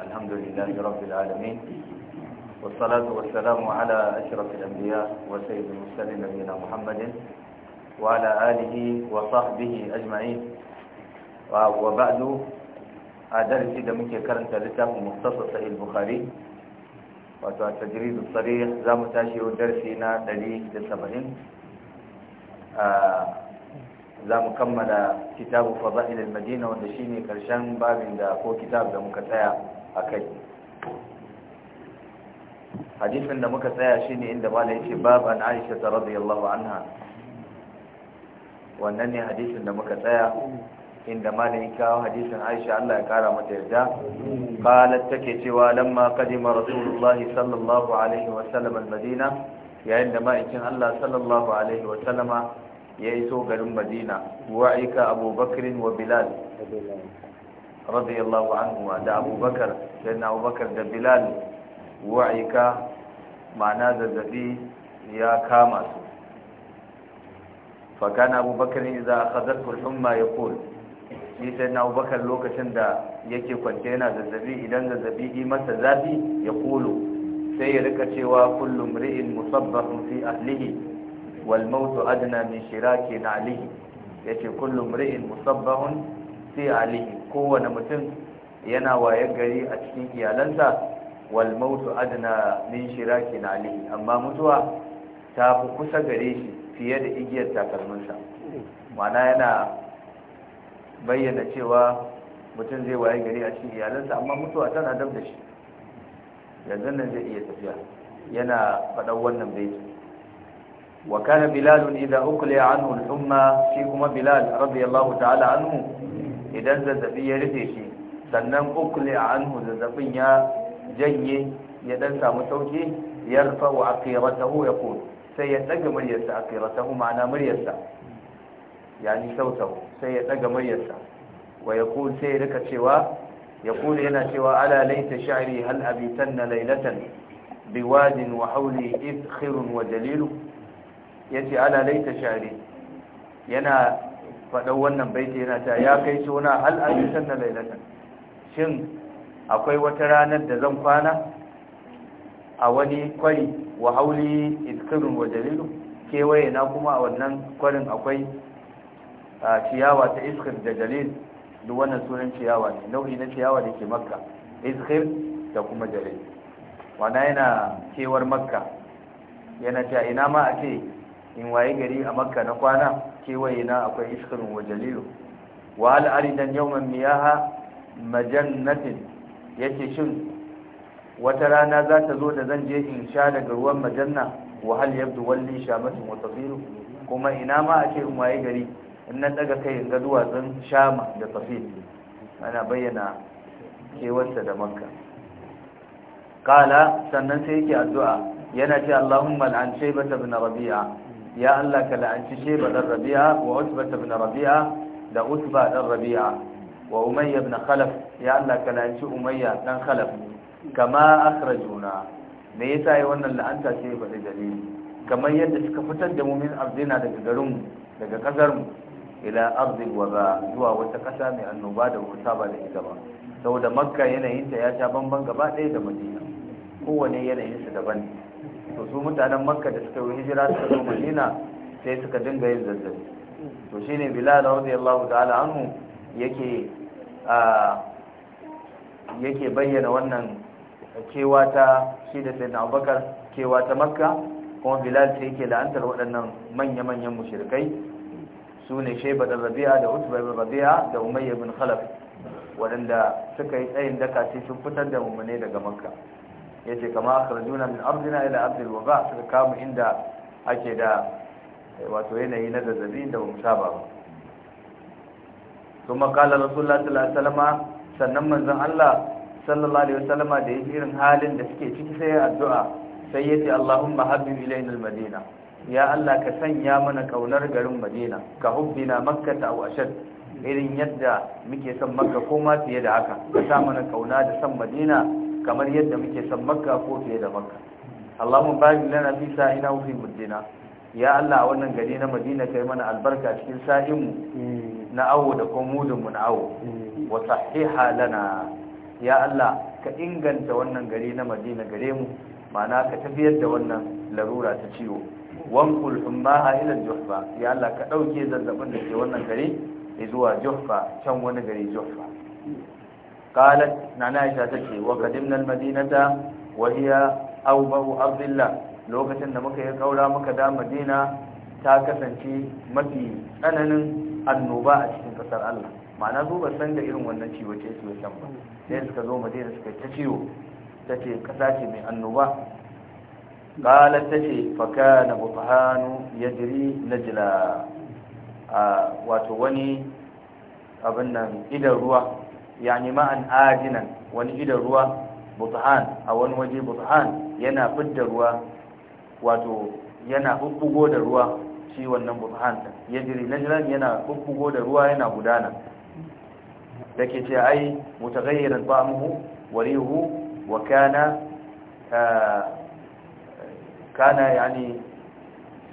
الحمد لله رب العالمين والصلاة والسلام على أشرف الأنبياء وسيد المرسلين نبينا محمد وعلى آله وصحبه أجمعين وبعد أدرس دمك كرنت لتاه مختصصة البخاري wato a tajiridu tsarih za mu دليل yau darsi na كتاب za mu kammala kitabu fada'il al-madina wanda shine karshen babin da ko kitab da muka tsaya a kai hadisin da muka tsaya shi ne inda mala ya ce baban aisha ta radiyallahu anha wannan ne hadisin da muka tsaya inda mala ya kawo hadisin aisha Allah ya kara mata yarda qalat take cewa lamma kadima rasulullahi sallallahu alaihi wa sallam al-madina yayin da ma'aikin Allah sallallahu alaihi wa sallama ya iso garin madina wa'ika abubakar wa bilal radiyallahu anhu da abubakar sai na abubakar da bilal wa'ika ma'ana zazzabi ya kama su fakana abubakar ne akhadhathu al-humma yaqul shi sai na abubakar lokacin da yake kwance yana zazzabi idan zazzabi yi masa zafi ya kulu sai ya rika cewa kullum ri'in musabbahun fi ahlihi wal mautu adna min shiraki na alihi yace kullum ri'in musabbahun fi alihi kowane mutum yana waye gari a cikin iyalansa wal adana adna min shiraki na alihi amma mutuwa ta fi kusa gare shi fiye da igiyar takalminsa mana yana bayyana cewa mutum zai waye gari a cikin iyalansa amma mutuwa tana dab da shi yanzu nan zai iya tafiya yana faɗan wannan baiti wa kana bilal idza uqliya anhu al-umma shi kuma bilal radiyallahu ta'ala anhu idan zazzabi ya rufe shi sannan kukule a anhu zazzabin ya janye ya dan samu sauki ya rufa wa hu ya kun sai ya daga muryarsa hu ma'ana muryarsa ya yani sautahu sai ya daga muryarsa wa ya kun sai ya rika cewa ya kun yana cewa ala laita sha'ri hal na laylatan biwadin wa hauli idkhirun wa ya yace ala laita sha'ri yana faɗa wannan baiti yana ta ya kai suna al'adun na lailatan shin akwai wata ranar da zan kwana a wani kwari wa hauli iskirin wa jalilu kewaye na kuma a wannan kwarin akwai ciyawa ta iskir da jalil duk wannan sunan ciyawa ne nau'i na ciyawa da ke makka iskir da kuma jalil wana yana kewar makka yana ta ina ma a ce in waye gari a makka na kwana kewaye na akwai iskar wa jalilu wa hal aridan yawman miyaha majannatin yace shin wata rana za ta zo da zan je in sha daga ruwan majanna wa hal yabdu walli shamatin wa tafiru kuma ina ma a ce in waye gari in na daga kai in ga duwatsun shama da tafir ana bayyana kewarsa da makka kala sannan sai yake addu'a yana ce Allahumma al'an shaybata bin rabi'a ya Allah ka la'anci sheba dan rabi'a wa utba ibn rabi'a da utba dan rabi'a wa umayya ibn khalaf ya Allah ka la'anci umayya dan khalaf kama akhrajuna me yasa yi wannan la'anta sai ba dalili kamar yadda suka fitar da mu min arzina daga garin daga kasar mu ila ardil zuwa wata kasa mai annoba da wuta ba da ita ba saboda makka yanayinta ya sha bamban gaba ɗaya da madina kowane yanayinsa daban to su mutanen makka da suka yi hijira suka zo madina sai suka dinga yin zazzabi to shine bilal radiyallahu ta'ala anhu yake yake bayyana wannan cewa ta shi da na abubakar kewa ta makka kuma bilal sai yake la'antar waɗannan manya-manyan mushirkai su ne da rabi'a da utba ibn rabi'a da umayyar bin khalaf waɗanda suka yi tsayin daka sai sun fitar da mummune daga makka yace kama akhrajuna min arzina ila abdul waga suka kamu inda ake da eh, wato yanayi na zazzabi da musa ba kuma kala rasulullah sallallahu alaihi wasallama sannan manzon Allah sallallahu alaihi da yake irin halin da suke ciki sai addu'a sai yace Allahumma habib ilaina almadina ya Allah ka sanya mana kaunar garin Madina ka hubbina makka ta aw ashad irin yadda muke son makka ko ma fiye da haka ka sa mana kauna da san Madina kamar yadda muke san makka ko fiye da makka Allahumma barik lana fi sa'ina wa fi ya Allah a wannan gari na Madina kai mana albarka cikin sa'inmu na awo da kuma mudunmu na awo wa sahiha lana ya Allah ka inganta wannan gari na Madina gare mu ma'ana ka tafiyar da wannan larura ta ciwo wankul hummaha ila juhfa ya Allah ka ɗauke zazzabin da ke wannan gari zuwa juhfa can wani gari juhfa قالت نعنائشة تشي وقدمنا المدينة وهي أوبه أرض الله لوكة نمكة قولا مكدا مدينة تاكسا شي مكي أنن النوباء شكين قصر الله معنى ذو بسنجة إرم ونشي وشيسي وشمبا سيسك ذو مدينة شكي تشيو تشي قساشي من النوباء قالت تشي فكان بطهان يجري نجلا آه واتواني abin nan idan ruwa yani ma'an ajinan wani idan ruwa buthan a wani waje buthan yana fidda ruwa wato yana hukugo da ruwa shi wannan buthan din yajri najran yana hukugo da ruwa yana gudana dake ce ai mutaghayyiran bamuhu wa rihu wa kana kana yani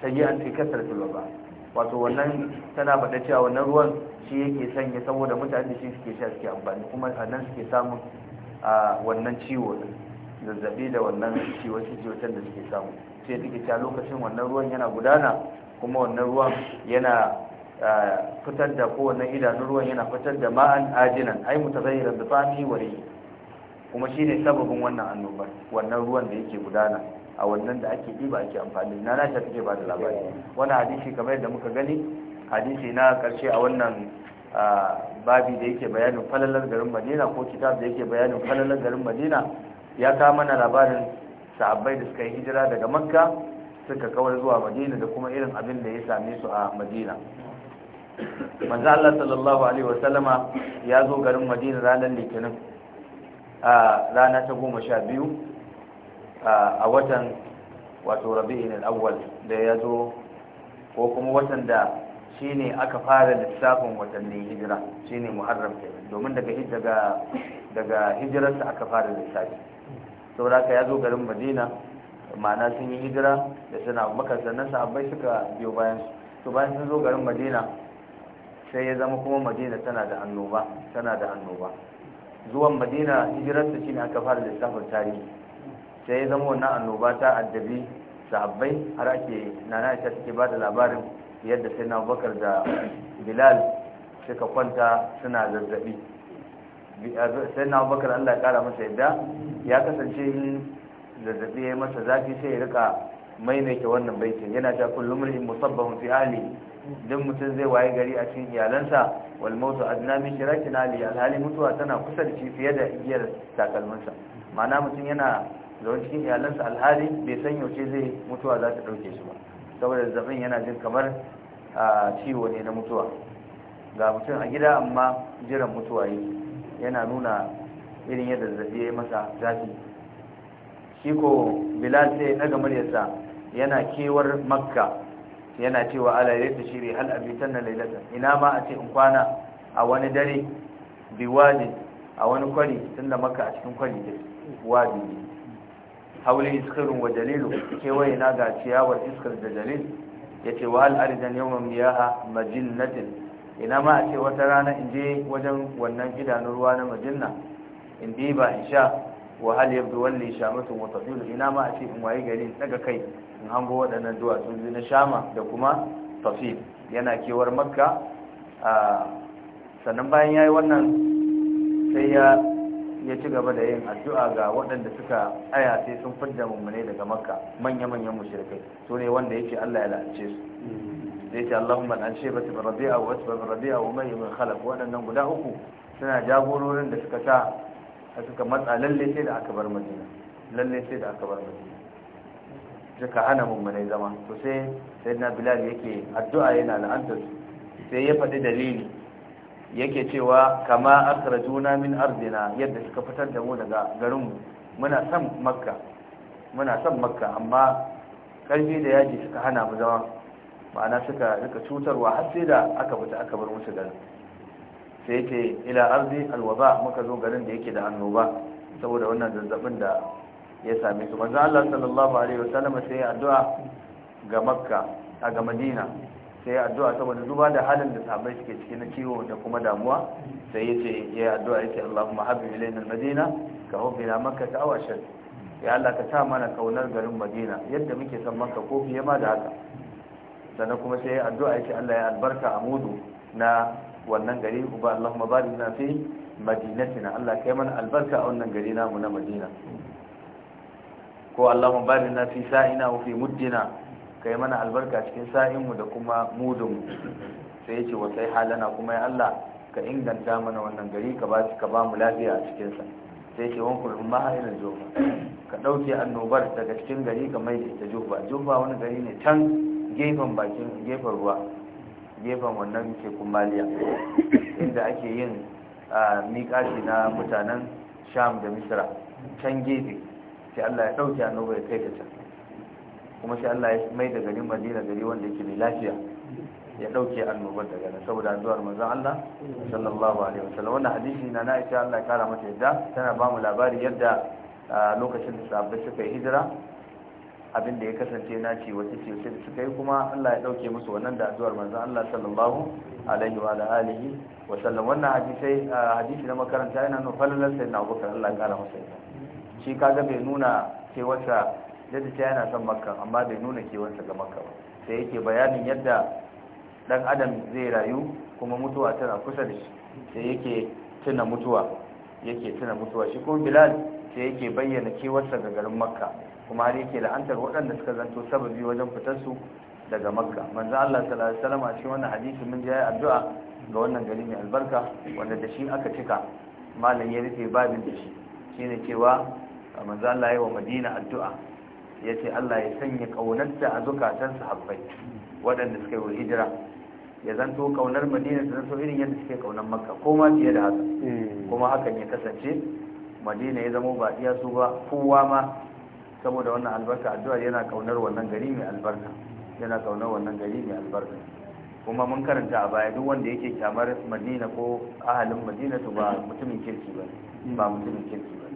sayyi'an fi kasratil ba. wato wannan tana faɗa cewa wannan ruwan shi yake sanya saboda mutane shi suke sha suke amfani kuma a nan suke samun a wannan ciwo zazzabi da wannan ciwo ciwon da suke samu sai take cewa lokacin wannan ruwan yana gudana kuma wannan ruwan yana fitar da ko wannan idanun ruwan yana fitar da ma'an ajinan ai mutazayyiran da fami wari kuma shine sababin wannan annobar wannan ruwan da yake gudana a wannan da ake diba ake amfani na na ta take ba da labari wani hadisi kamar yadda muka gani hadisi na karshe a wannan babi da yake bayanin falalar garin madina ko kitab da yake bayanin falalar garin madina ya kawo mana labarin sahabbai da suka yi hijira daga makka suka kawar zuwa madina da kuma irin abin da ya same su a madina manzo Allah sallallahu alaihi wasallama ya zo garin madina ranar litinin a rana ta goma sha biyu a watan wato rabi'in al-awwal da ya zo ko kuma watan da shine aka fara lissafin watannin hijira shine muharram ke domin daga daga daga hijirarsa aka fara lissafi saboda ka ya zo garin madina ma'ana sun yi hijira da suna maka sannan sahabbai suka biyo bayan su bayan sun zo garin madina sai ya zama kuma madina tana da annoba tana da annoba zuwan madina hijirarsa shine aka fara lissafin tarihi sai zama wannan annoba ta addabi sahabbai har ake nana ta take ba da labarin yadda sai na bakar da bilal suka kwanta suna zazzabi sai na bakar allah ya kara masa yadda ya kasance in zazzabi ya yi masa zafi sai ya rika maimaita wannan baitin yana ta kullum rihin musabbahun fi ali duk mutum zai waye gari a cikin iyalansa wal mautu adna min shirakin ali alhali mutuwa tana kusa da shi fiye da igiyar takalminsa ma'ana mutum yana da wani cikin iyalansa alhali bai san yaushe zai mutuwa za ta ɗauke shi ba saboda zazzabin yana jin kamar a ciwo ne na mutuwa ga mutum a gida amma jiran mutuwa yi yana nuna irin yadda zazzabi ya yi masa zafi shi ko bilal sai na gamar yasa yana kewar makka yana cewa ala yadda shiri hal abitan na lailatan ina ma a ce in kwana a wani dare biwadi a wani kwari tunda makka a cikin kwari da wadi ne haule iskarin wa dalilu kewaye na ga ciyawar iskar da dalil ya ce wa al'arijan yawon miyaha majinnatin ina ma a ce wata rana in je wajen wannan idanun ruwa na majinna in bi ba in sha wa hal yabdu walli shamatun wa tafilu ina ma a ce in waye gari daga kai in hango waɗannan duwatsu biyu na shama da kuma tafil yana kewar makka sannan bayan ya yi wannan sai ya ya ci gaba da yin addu'a ga waɗanda suka aya sai sun fidda mummune daga makka manya-manyan mushrikai su ne wanda yake Allah ya la'ance su zai ce Allahumma an ce ba tabar rabi'a wa tabar rabi'a wa mai min khalaq waɗannan guda uku suna jagororin da suka sa suka matsa lalle sai da aka bar madina lalle sai da aka bar madina suka hana mummune zama to sai sayyidina bilal yake addu'a yana la'antar su sai ya faɗi dalili yake cewa kama akhrajuna min arzina yadda suka fitar da mu daga garinmu muna son makka muna san makka amma karfi da yaji suka hana mu zama ma'ana suka rika cutarwa har sai da aka fita aka bar musu garin sai yake ila arzi alwaba muka zo garin da yake da annoba saboda wannan zazzabin da ya same su manzo Allah sallallahu alaihi wasallam sai addu'a ga makka ga madina sai ya addu'a saboda duba da halin da sahabbai suke ciki na ciwo da kuma damuwa sai ya ce ya addu'a yake Allahumma habib ilayna al-Madina ka hubbina Makka ta awashin ya Allah ka sa mana kaunar garin Madina yadda muke son Makka ko fiye ma da haka sannan kuma sai ya addu'a yake Allah ya albarka a mudu na wannan gari uba Allahumma barik lana fi madinatina Allah kai mana albarka a wannan gari namu na Madina ko Allahumma barik lana fi sa'ina wa fi muddina ka yi mana albarka cikin sa'inmu da kuma mudunmu sai ya ce wa sai halana kuma ya Allah ka inganta mana wannan gari ka ba ka ba mu lafiya a cikinsa sai ce wankul umma irin jufa ka ɗauke annobar daga cikin gari ka mai da ita jufa wani gari ne can gefen bakin gefen ruwa gefen wannan ke maliya inda ake yin miƙashi na mutanen sham da misra can gefe sai Allah ya ɗauke annobar ya kai ta can kuma sai Allah ya mai da garin Madina gari wanda yake mai lafiya ya dauke annobar daga nan saboda addu'ar manzon Allah sallallahu alaihi wasallam wannan hadisi na na ita Allah ya kara mata yadda tana ba mu labari yadda lokacin da sahabbai suka yi hijira abin da ya kasance na ce wata ce sai da suka yi kuma Allah ya dauke musu wannan da addu'ar manzon Allah sallallahu alaihi wa alihi wa sallam wannan hadisi hadisi na makaranta yana nuna falalar sayyidina Abubakar Allah ya kara masa yadda shi kaga bai nuna wata da ta yana son makka amma bai nuna kewansa ga makka ba sai yake bayanin yadda dan adam zai rayu kuma mutuwa tana kusa da shi sai yake tuna mutuwa yake tuna mutuwa shi ko bilal sai yake bayyana kewarsa ga garin makka kuma har yake la'antar waɗanda suka zanto sababi wajen fitar su daga makka manzo Allah sallallahu alaihi wasallam a cikin wannan hadisi mun ji addu'a ga wannan gari mai albarka wanda da shi aka cika malam ya rufe babin da shi shine cewa manzo Allah ya wa Madina addu'a ya ce Allah ya sanya ƙaunarta a zukatan sahabbai waɗanda suka yi hijira ya zanto ƙaunar madina ta zanto irin yadda suke ƙaunar makka ko ma fiye da haka mm. kuma hakan ya kasance madina ya zama ba iya su ba kowa ma saboda wannan albarka addu'a yana ƙaunar wannan gari mai albarka yana ƙaunar wannan gari mai albarka kuma mun karanta a baya duk wanda yake kyamar madina ko ahalin madina to ba mutumin kirki ba ba mutumin kirki ba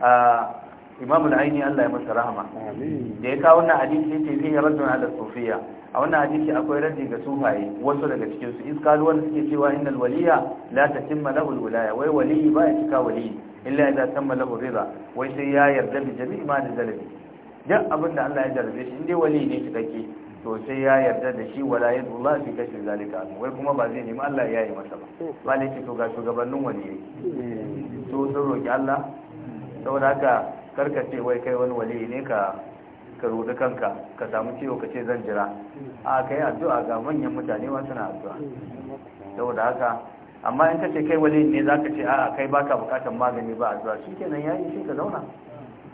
ah, imamul aini Allah ya masa rahama da ya kawo wannan hadisi yace fi raddun da sufiya a wannan hadisi akwai raddi ga sufaye wasu daga cikin su iskaluwan suke cewa innal waliya la tatimma lahu alwilaya wai wali ba ya cika waliyi illa idza tamma lahu rida wai sai ya yarda bi jami'i ma da zalabi duk abin da Allah ya jarabe shi inda wali ne cikakke to sai ya yarda da shi wala yadullah fi kashi zalika wai kuma ba zai nemi Allah ya yi masa ba ba ne ce to ga shugabannin waliyi to sun roki Allah saboda haka karka ce wai kai wani wali ne ka ka rudu kanka ka samu ciwo ka ce zan jira a kai addu'a ga manyan mutane ma suna addu'a saboda haka amma in ka ce kai wali ne za ka ce a kai baka bukatar magani ba addu'a shi kenan yayi shi ka zauna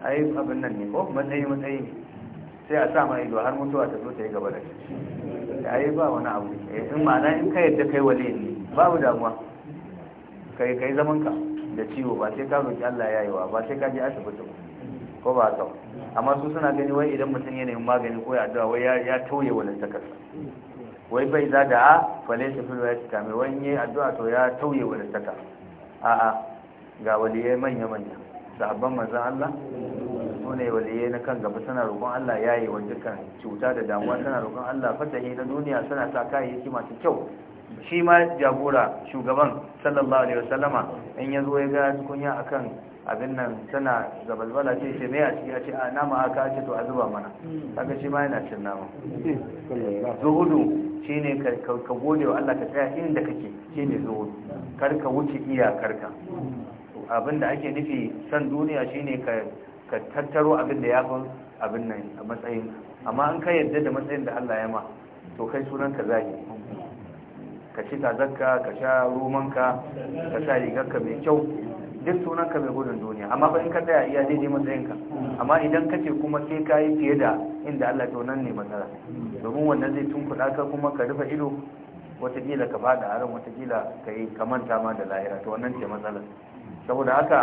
ai abin nan ne ko matsayi matsayi ne sai a sa ma ido har mutuwa ta zo ta yi gaba da shi ai ba wani abu eh, in ma'ana in ka yadda kai wali ne babu damuwa kai kai zaman ka da ciwo ba sai ka roki Allah yayi wa ba sai ka je asibiti ba ko ba haka amma su suna gani wai idan mutum ya nemi magani ko ya addu'a wai ya tauye wani takarsa wai bai za da a fale ta filo ya cika mai wani yayi addu'a to ya tauye wani saka a'a ga waliye manya manya sahabban manzon Allah su ne waliyai na kan gaba suna roƙon Allah ya yi wani dukkan cuta da damuwa suna roƙon Allah fatahi na duniya suna sa kayayyaki masu kyau shi ma jagora shugaban sallallahu alaihi wasallama in ya zo ya ga kunya akan abin nan tana zabalbala ce ce mai a ciki a ce a nama aka ce to a zuba mana kaga shi ma yana cin nama zuhudu shi ne ka gode wa Allah ka tsaya inda kake shi ne zuhudu kar ka wuce iyakarka abin da ake nufi san duniya shi ne ka tattaro abin da ya fi abin nan a matsayin amma an ka yadda da matsayin da Allah ya ma to kai sunan ka zagi ka ci zakka ka sha romanka ka sa rigarka mai kyau duk sunan ka mai gudun duniya amma ba in ka tsaya iya daidai matsayin ka amma idan ka ce kuma sai ka yi fiye da inda Allah ta nan ne matsala domin wannan zai tunkuɗa ka kuma ka rufe ido watakila ka fada aron watakila ka yi kamanta ma da lahira to wannan ce matsala saboda haka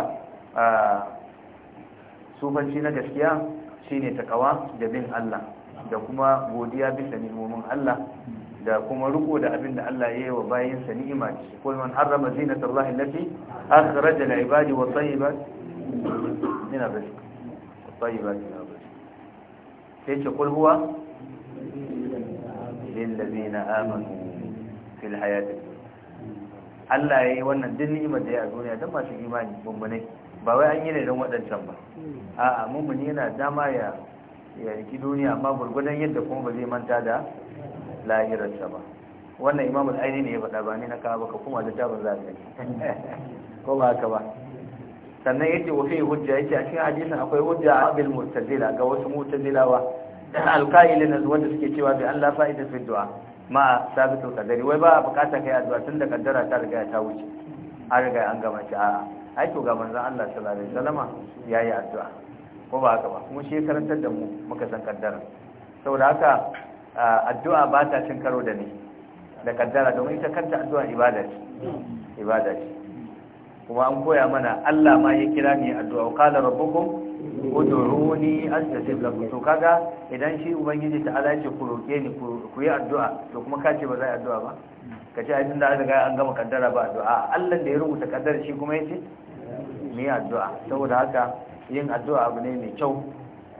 sufanci na gaskiya shine takawa da bin Allah da kuma godiya bisa nimomin Allah da kuma riko da abin da Allah ya yi wa bayinsa ni'ima ce kul man harrama zinata Allah allati akhraja li ibadi wa tayyibat min ar-rizq tayyibat min ar-rizq sai ce kul huwa lil ladina amanu fil hayati Allah ya yi wannan din ni'imar da ya duniya don masu imani bambane ba wai an yi ne don waɗancan ba a'a mummuni yana dama ya ya riki duniya amma gurgudan yadda kuma ba zai manta da lahirarsa ba wannan imamul aini ne ya faɗa ba ne na kawo baka kuma da tabar za ka ko ba haka ba sannan ya ce wafi hujja ce a cikin hadisin akwai hujja a abin mu'tazila ga wasu mu'tazilawa dan alqailin wanda suke cewa bi Allah fa'ida fi du'a ma sabitul qadari wai ba bukata kai addu'a tun da kaddara ta riga ta wuce an riga an gama ta a'a ai to ga manzon Allah sallallahu alaihi wasallama yayi addu'a ko ba haka ba kuma shi karantar da mu muka san kaddara saboda haka addu'a ba ta cin karo da ni da kaddara domin ita kanta addu'a ibada ce ibada ce kuma an koya mana Allah ma ya kira ni addu'a qala rabbukum ud'uuni astajib lakum to kaga idan shi ubangiji ta Allah ce ku roke ni ku yi addu'a to kuma ka ce ba za yi addu'a ba ka ce aikin da an riga an gama kaddara ba addu'a Allah da ya rubuta kaddara shi kuma yace ni addu'a saboda haka yin addu'a abu ne mai kyau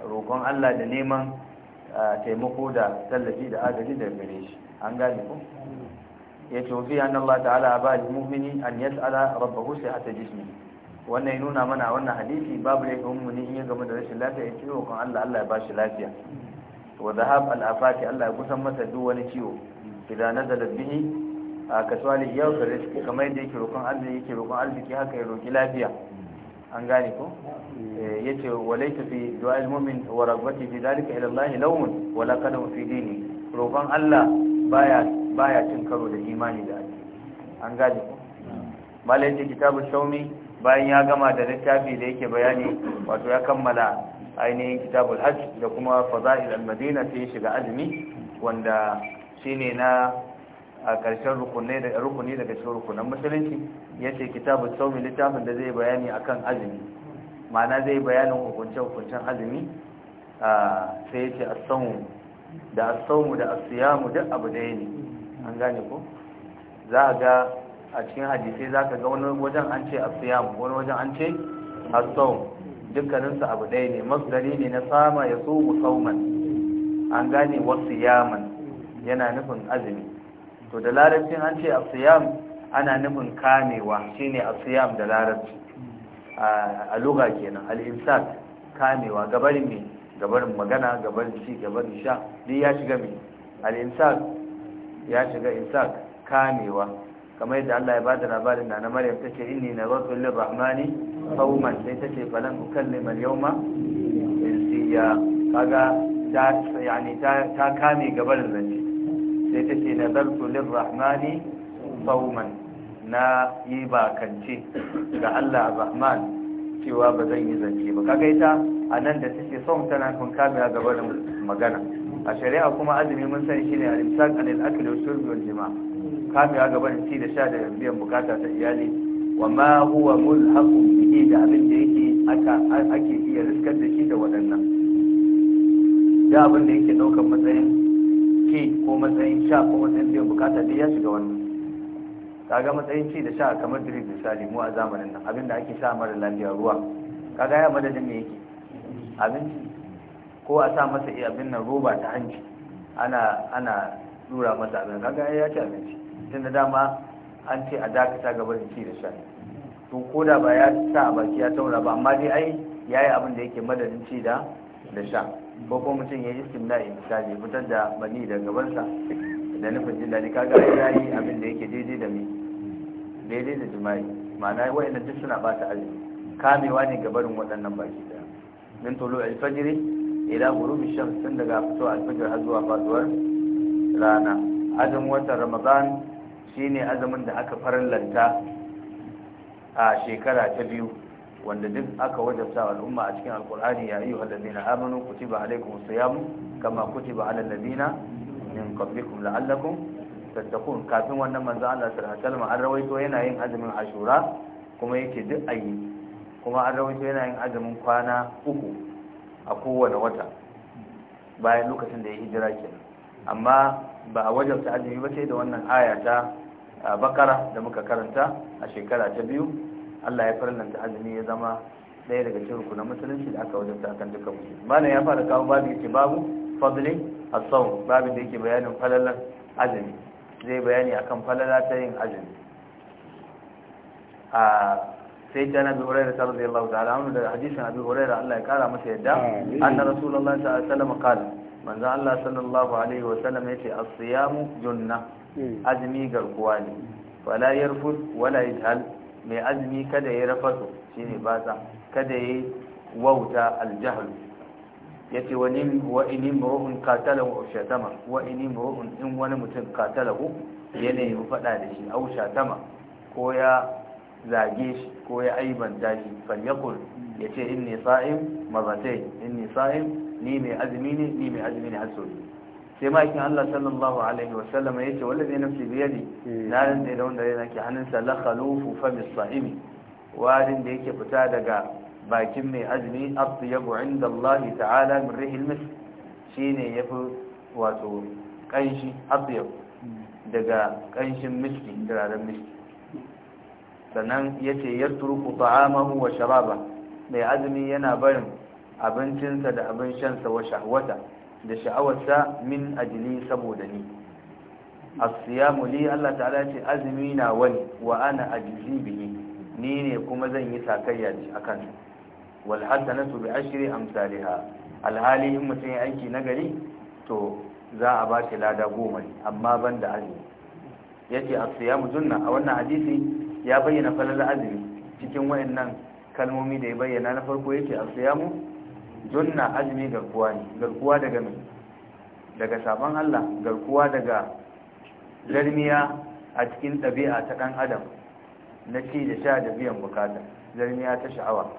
roƙon Allah da neman taimako da tallafi da agaji da gare shi an gane ku ya ce fi an Allah ta'ala ba mumini an yas'ala rabbahu sihhata jismi wannan ya nuna mana wannan hadisi babu ne kan muni in ya game da rashin lafiya ya ciwo kan Allah Allah ya ba shi lafiya wa zahab al-afati Allah ya kusan masa duk wani ciwo idan da bihi a kaswali yau da riski kamar da yake roƙon Allah yake roƙon arziki haka ya roƙi lafiya an gane ko eh, yace walaita fi du'al mu'min wa ragbati fi dalika ila Allah lawmun wala qadam fi dini roƙon Allah baya baya cin karo da imani da ake an gane ko malai ce kitabul shaumi bayan ya gama da littafi da yake bayani wato ya kammala ainihin kitabul hajj da kuma fada'il al-madina sai shiga azumi wanda shine na a ƙarshen rukuni daga cikin rukunan musulunci ya ce kitabu saumi littafin da zai bayani akan azumi ma'ana zai bayanin hukunce-hukuncen azumi sai ya ce asaumu da asaumu da asiyamu duk abu ɗaya ne an gane ko za a ga a cikin hadisai za ka ga wani wajen an ce asiyamu wani wajen an ce asaumu dukkaninsu abu ɗaya ne masdari ne na sama ya so sauman an gane wasu yaman yana nufin azumi to da larabcin an ce asiyam ana nufin kamewa shine asiyam da larabci a lugha kenan al kamewa gabarin me gabarin magana gabarin ci gabarin sha duk ya shiga me al ya shiga imsak kamewa kamar yadda Allah ya bada labarin na Maryam tace inni na lir-rahmani sauman sai tace falan ukallima al-yawma insiya kaga ta yani ta kame gabarin zance sai ta ce nazartu rahmani sauman na yi bakance ga Allah rahman cewa ba zan yi zance ba kaga ita a nan da take son tana kun kamiya gaba da magana a shari'a kuma azumi mun sani shine a imsak anil akli wa shurbi wal jima' kamiya gaba da ci da sha da biyan bukata ta iyali wa ma huwa mulhaqu bihi da abin da yake aka ake iya riskar da shi da waɗannan da abin da yake daukar matsayin ci ko matsayin sha ko matsayin biyan bukata dai ya shiga wannan kaga matsayin ci da sha kamar drink sha mu a zamanin nan abinda ake sha mara lafiya ruwa kaga ya madadin ne yake abinci ko a sa masa iya eh, abin nan roba ta hanci ana ana dura masa abin kaga ya ci abinci tunda dama an ce a dakata gaba da ci da sha to da ba ya sa a baki ya taura ba amma dai ai yayi abin da yake madadin ci da da sha ko ko mutum ya yi istimla'i misali fitar da bani da gabansa da nufin jin daɗi kaga ya yi abin da yake daidai da me daidai da jima'i ma'ana wa'annan duk suna bata azumi kamewa ne gabarin waɗannan baki daya min tulu alfajiri ila ghurubi shams tun daga fito alfajir har zuwa faduwar rana azumin watan ramadan shine azumin da aka farallanta a shekara ta biyu wanda duk aka wajabta al'umma a cikin alkur'ani ya yi ayyuhal ladina amanu kutiba alaykumus siyam kama kutiba alal ladina min qablikum la'allakum Tattakun kafin wannan manzo Allah sallallahu alaihi wasallam an rawaito yana yin azumin ashura kuma yake duk ayi kuma an rawaito yana yin azumin kwana uku a kowane wata bayan lokacin da ya hijira kenan amma ba a wajabta azumi ba ce da wannan aya ta bakara da muka karanta a shekara ta biyu Allah ya da azumi ya zama ɗaya daga cikin rukunan musulunci da aka wajen akan duka musulunci mana ya fara kawo babu yake babu fadlin a tsawon babu da yake bayanin falalar azumi zai bayani akan falala ta yin azumi a sai ta nabi hurairah radiyallahu ta'ala anhu da hadisin abi hurairah Allah ya kara masa yadda anna rasulullahi sallallahu alaihi wasallam qala manzo Allah sallallahu alaihi wasallam yace as-siyamu junnah hmm. azumi garkuwa ne fala yarfud wala yajhal mai azumi kada ya rafasu ne basa kada ya wauta aljahl ya wani wa ini murun qatalahu shatama wa in wani mutum katala yana yi faɗa da shi aw shatama ko ya zage shi ko ya aibanta shi falyakul yace inni sa'im mazatai inni sa'im ni mai azumi ne ni mai azumi ne hasoli sai ma'aikin Allah sallallahu alaihi wa sallam ya ce wallazi nafsi bi yadi hmm. na rinde da wanda yana ke hannunsa la khalufu fa bis sa'imi warin da yake fita daga bakin mai azumi atyabu inda Allah ta'ala min rihil misk shine yafi wato kanshi atyab daga kanshin miski turaren miski sannan yace yatruku ta'amahu wa sharaba mai azumi yana barin abincinsa da abin shansa wa shahwata da sha'awarsa min ajili saboda ni as-siyamu li Allah ta'ala ce azumi na wani wa ana ajzi bihi ni ne kuma zan yi sakayya akan wal hasanatu bi ashri amsalha alhali in mutum ya aiki nagari to za a ba shi lada goma ne amma banda azumi yace as-siyamu junna a wannan hadisi ya bayyana falal azumi cikin wayannan kalmomi da ya bayyana na farko yace as-siyamu don na azumi garkuwa ne garkuwa daga mai daga sabon Allah garkuwa daga zarmiya a cikin ɗabi'a ta ɗan adam na ci da sha da biyan bukata zarmiya ta sha'awa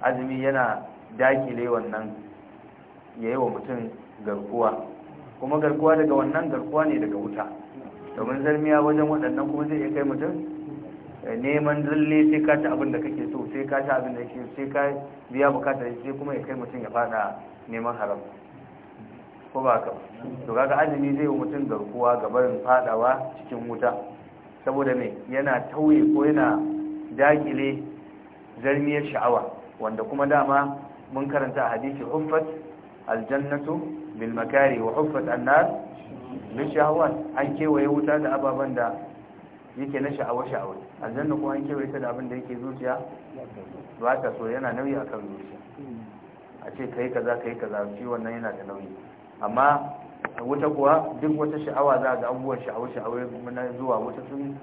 azumi yana dakile wannan ya yi wa mutum garkuwa kuma garkuwa daga wannan garkuwa ne daga wuta domin zarmiya wajen waɗannan kuma zai iya kai mutum neman lalle sai ka ci abin da kake so sai ka ci abin da kake sai ka biya bukata sai kuma ya kai mutum ya fada neman haram ko ba ka to kaga azumi zai wa mutum garkuwa ga barin fadawa cikin wuta saboda me yana tauye ko yana dakile zarmiyar sha'awa wanda kuma dama mun karanta a hadisi huffat aljannatu bil makari wa huffat annar bil shahwat an kewaye wuta da ababan da yake na sha'awa sha'awa aljanna kuma an kewaye ta da abin da yake zuciya ba ta so yana nauyi akan zuciya a ce kai kaza kai kaza shi wannan yana da nauyi amma wuta kuwa duk wata sha'awa za ga abubuwan sha'awa sha'awa na zuwa wata sun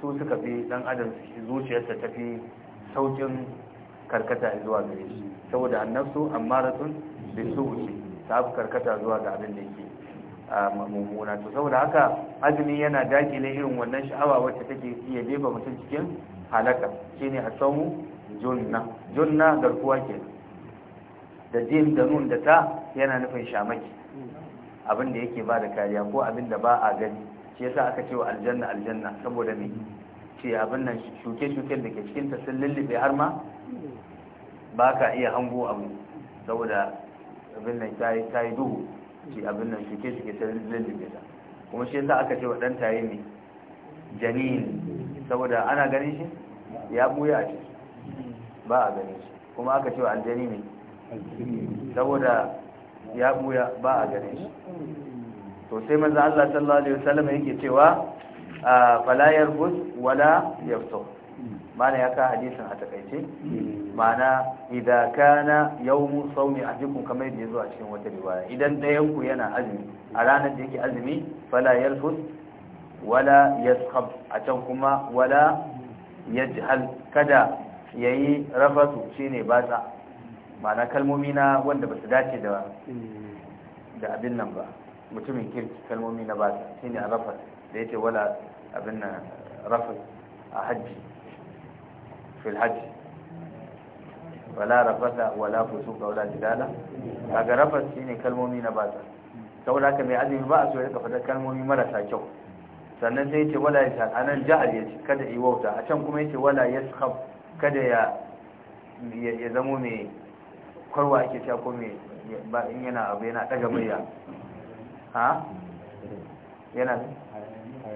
su suka fi dan adam zuciyarsa ta fi saukin karkata zuwa gare shi saboda annabsu ammaratun bisu ce ta karkata zuwa ga abin da yake mummuna to saboda haka azumi yana dakile irin wannan sha'awa wacce take iya jefa mutum cikin halaka shine asamu junna junna garkuwa ke da jim da nun da ta yana nufin shamaki abin da yake ba da kariya ko abin da ba a gani shi yasa aka ce wa aljanna aljanna saboda me ce abin nan shuke-shuken da ke cikin ta sun lullube har ma ba ka iya hango abu saboda abin nan ta yi duhu ki abin nan shuke shuke ta lullube ta kuma shi yasa aka ce wa ɗan taye ne janin saboda ana ganin shi ya buya a ba a ganin shi kuma aka ce wa aljani ne saboda ya buya ba a ganin shi to sai manzo Allah sallallahu alaihi wasallam yake cewa fala yarbus wala yaftu mana ya ka hadisin a takaice mana idan kana yawmu sawmi ahdikum kamar yadda yazo a cikin wata riwaya idan ɗayan ku yana azumi a ranar da yake azumi fala yalfus wala yaskhab a can kuma wala yajhal kada yayi rafatu shine batsa mana kalmomi na wanda su dace da da abin nan ba mutumin kirki kalmomi na batsa shine rafat da yake wala abin nan rafat a hajji fil hajji wala rafata wala fusuka wala jidala kaga rafas shine kalmomi na bata saboda haka mai azumi ba a so ya faɗa kalmomi marasa kyau sannan sai yace wala ya a nan ja'al yace kada yi wauta a can kuma yace wala yaskhab kada ya ya zamo mai kwarwa ake cewa ko mai ba in yana abu yana daga murya ha yana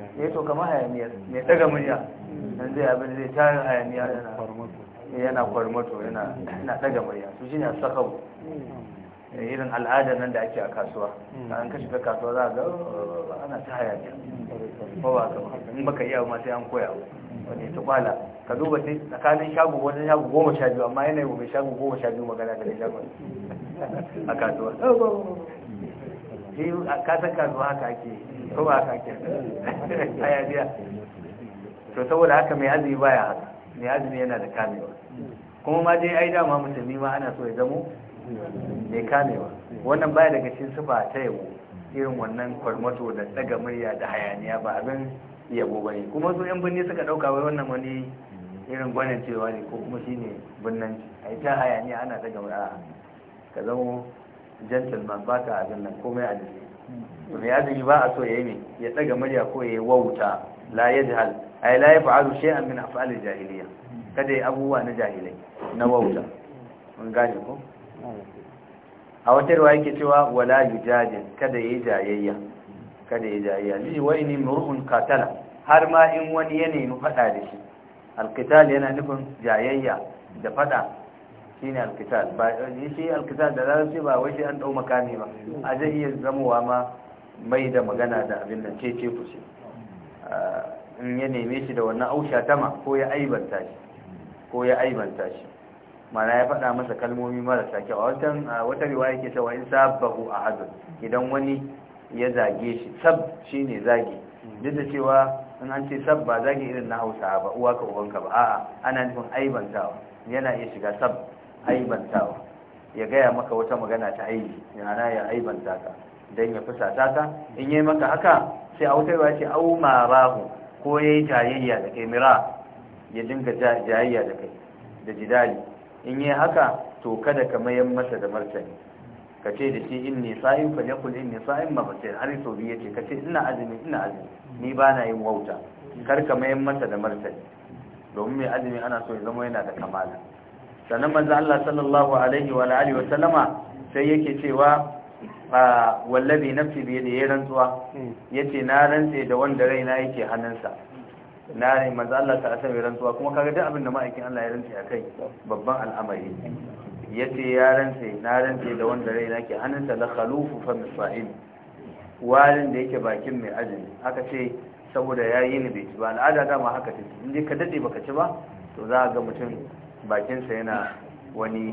Eh ya to kama hayaniyar mai daga murya don zai abin zai tarin hayaniya yana kwarmato yana daga murya su shi ne a irin al'adar nan da ake a kasuwa hmm. an kashi ta kasuwa za a ga oh, ana ta hayaniya ba ba in baka iya ma sai an koya wani ta kwala ka duba sai tsakanin shago wani shago goma sha biyu amma yanayi mai shago goma sha biyu magana da shago a kasuwa hmm. ka san kasuwa haka ake ko ba haka ke hayaniya to saboda haka mai azumi baya haka mai azumi yana da kamewa kuma ma dai ai dama musulmi ma ana so ya zamo mai kamewa wannan baya daga cikin sifa ta yabo irin wannan kwarmato da daga murya da hayaniya ba abin yabo bane kuma su yan birni suka dauka wai wannan wani irin gwanin cewa ne ko kuma shine birnin ai ta hayaniya ana daga murya ka zamo gentleman baka abin nan komai a jiki to mai azumi ba a so ya yi ne ya daga murya ko ya yi wauta la ya jihal ay la ya fa'alu shay'an min af'alil jahiliya kada ya abubuwa na jahilai na wauta mun gane ko a wata ruwa yake cewa wala yujadil kada ya yi jayayya kada ya yi jayayya li wai ni murhun qatala har ma in wani ya nemi fada da shi alqital yana nufin jayayya da fada shine alqital ba shi alqital da larabci ba wai shi an dau makami ba a zai iya zamowa ma mai da magana da abin da ce ce kuce in ya neme shi da wannan ausha tama ko ya aibanta shi ko ya aibanta shi mana ya faɗa masa kalmomi marasa kyau a watan wata riwaya yake cewa in sabahu ahadun idan wani ya zage shi sab shine zage duk da cewa in an ce sab ba zage irin na Hausa ba uwa ka ka ba a'a ana nufin aibantawa yana iya shiga sab aibantawa ya gaya maka wata magana ta aibi yana ya aibanta ka don ya fusata ka in yi maka haka sai a wutarwa ce au marahu ko ya yi jayayya da kai mira ya dinga jayayya da kai da jidali in yi haka to kada ka mayan masa da martani ka ce da shi in sa'in fa ne kul in sa'in ma fasir har so biye ce ka ce ina azumi ina azumi ni ba na yin wauta kar ka mayan masa da martani domin mai azumi ana so ya zama yana da kamala sannan manzo Allah sallallahu alaihi wa alihi wa sallama sai yake cewa wallabi nafsi biye da ya rantsuwa hmm. ya ce na rantse da wanda raina yake hannunsa na rai manzo Allah ta asami rantsuwa kuma kaga duk abin da ma'aikin Allah ya rantse a kai babban al'amari ya ce ya rantse na rantse da wanda raina ke hannunsa da khalufu fa misfa'il warin da yake bakin mai azumi aka ce saboda ya yi ni bai ci ba al'ada dama haka ce in dai ka dade baka ci ba to za ga mutum bakinsa yana wani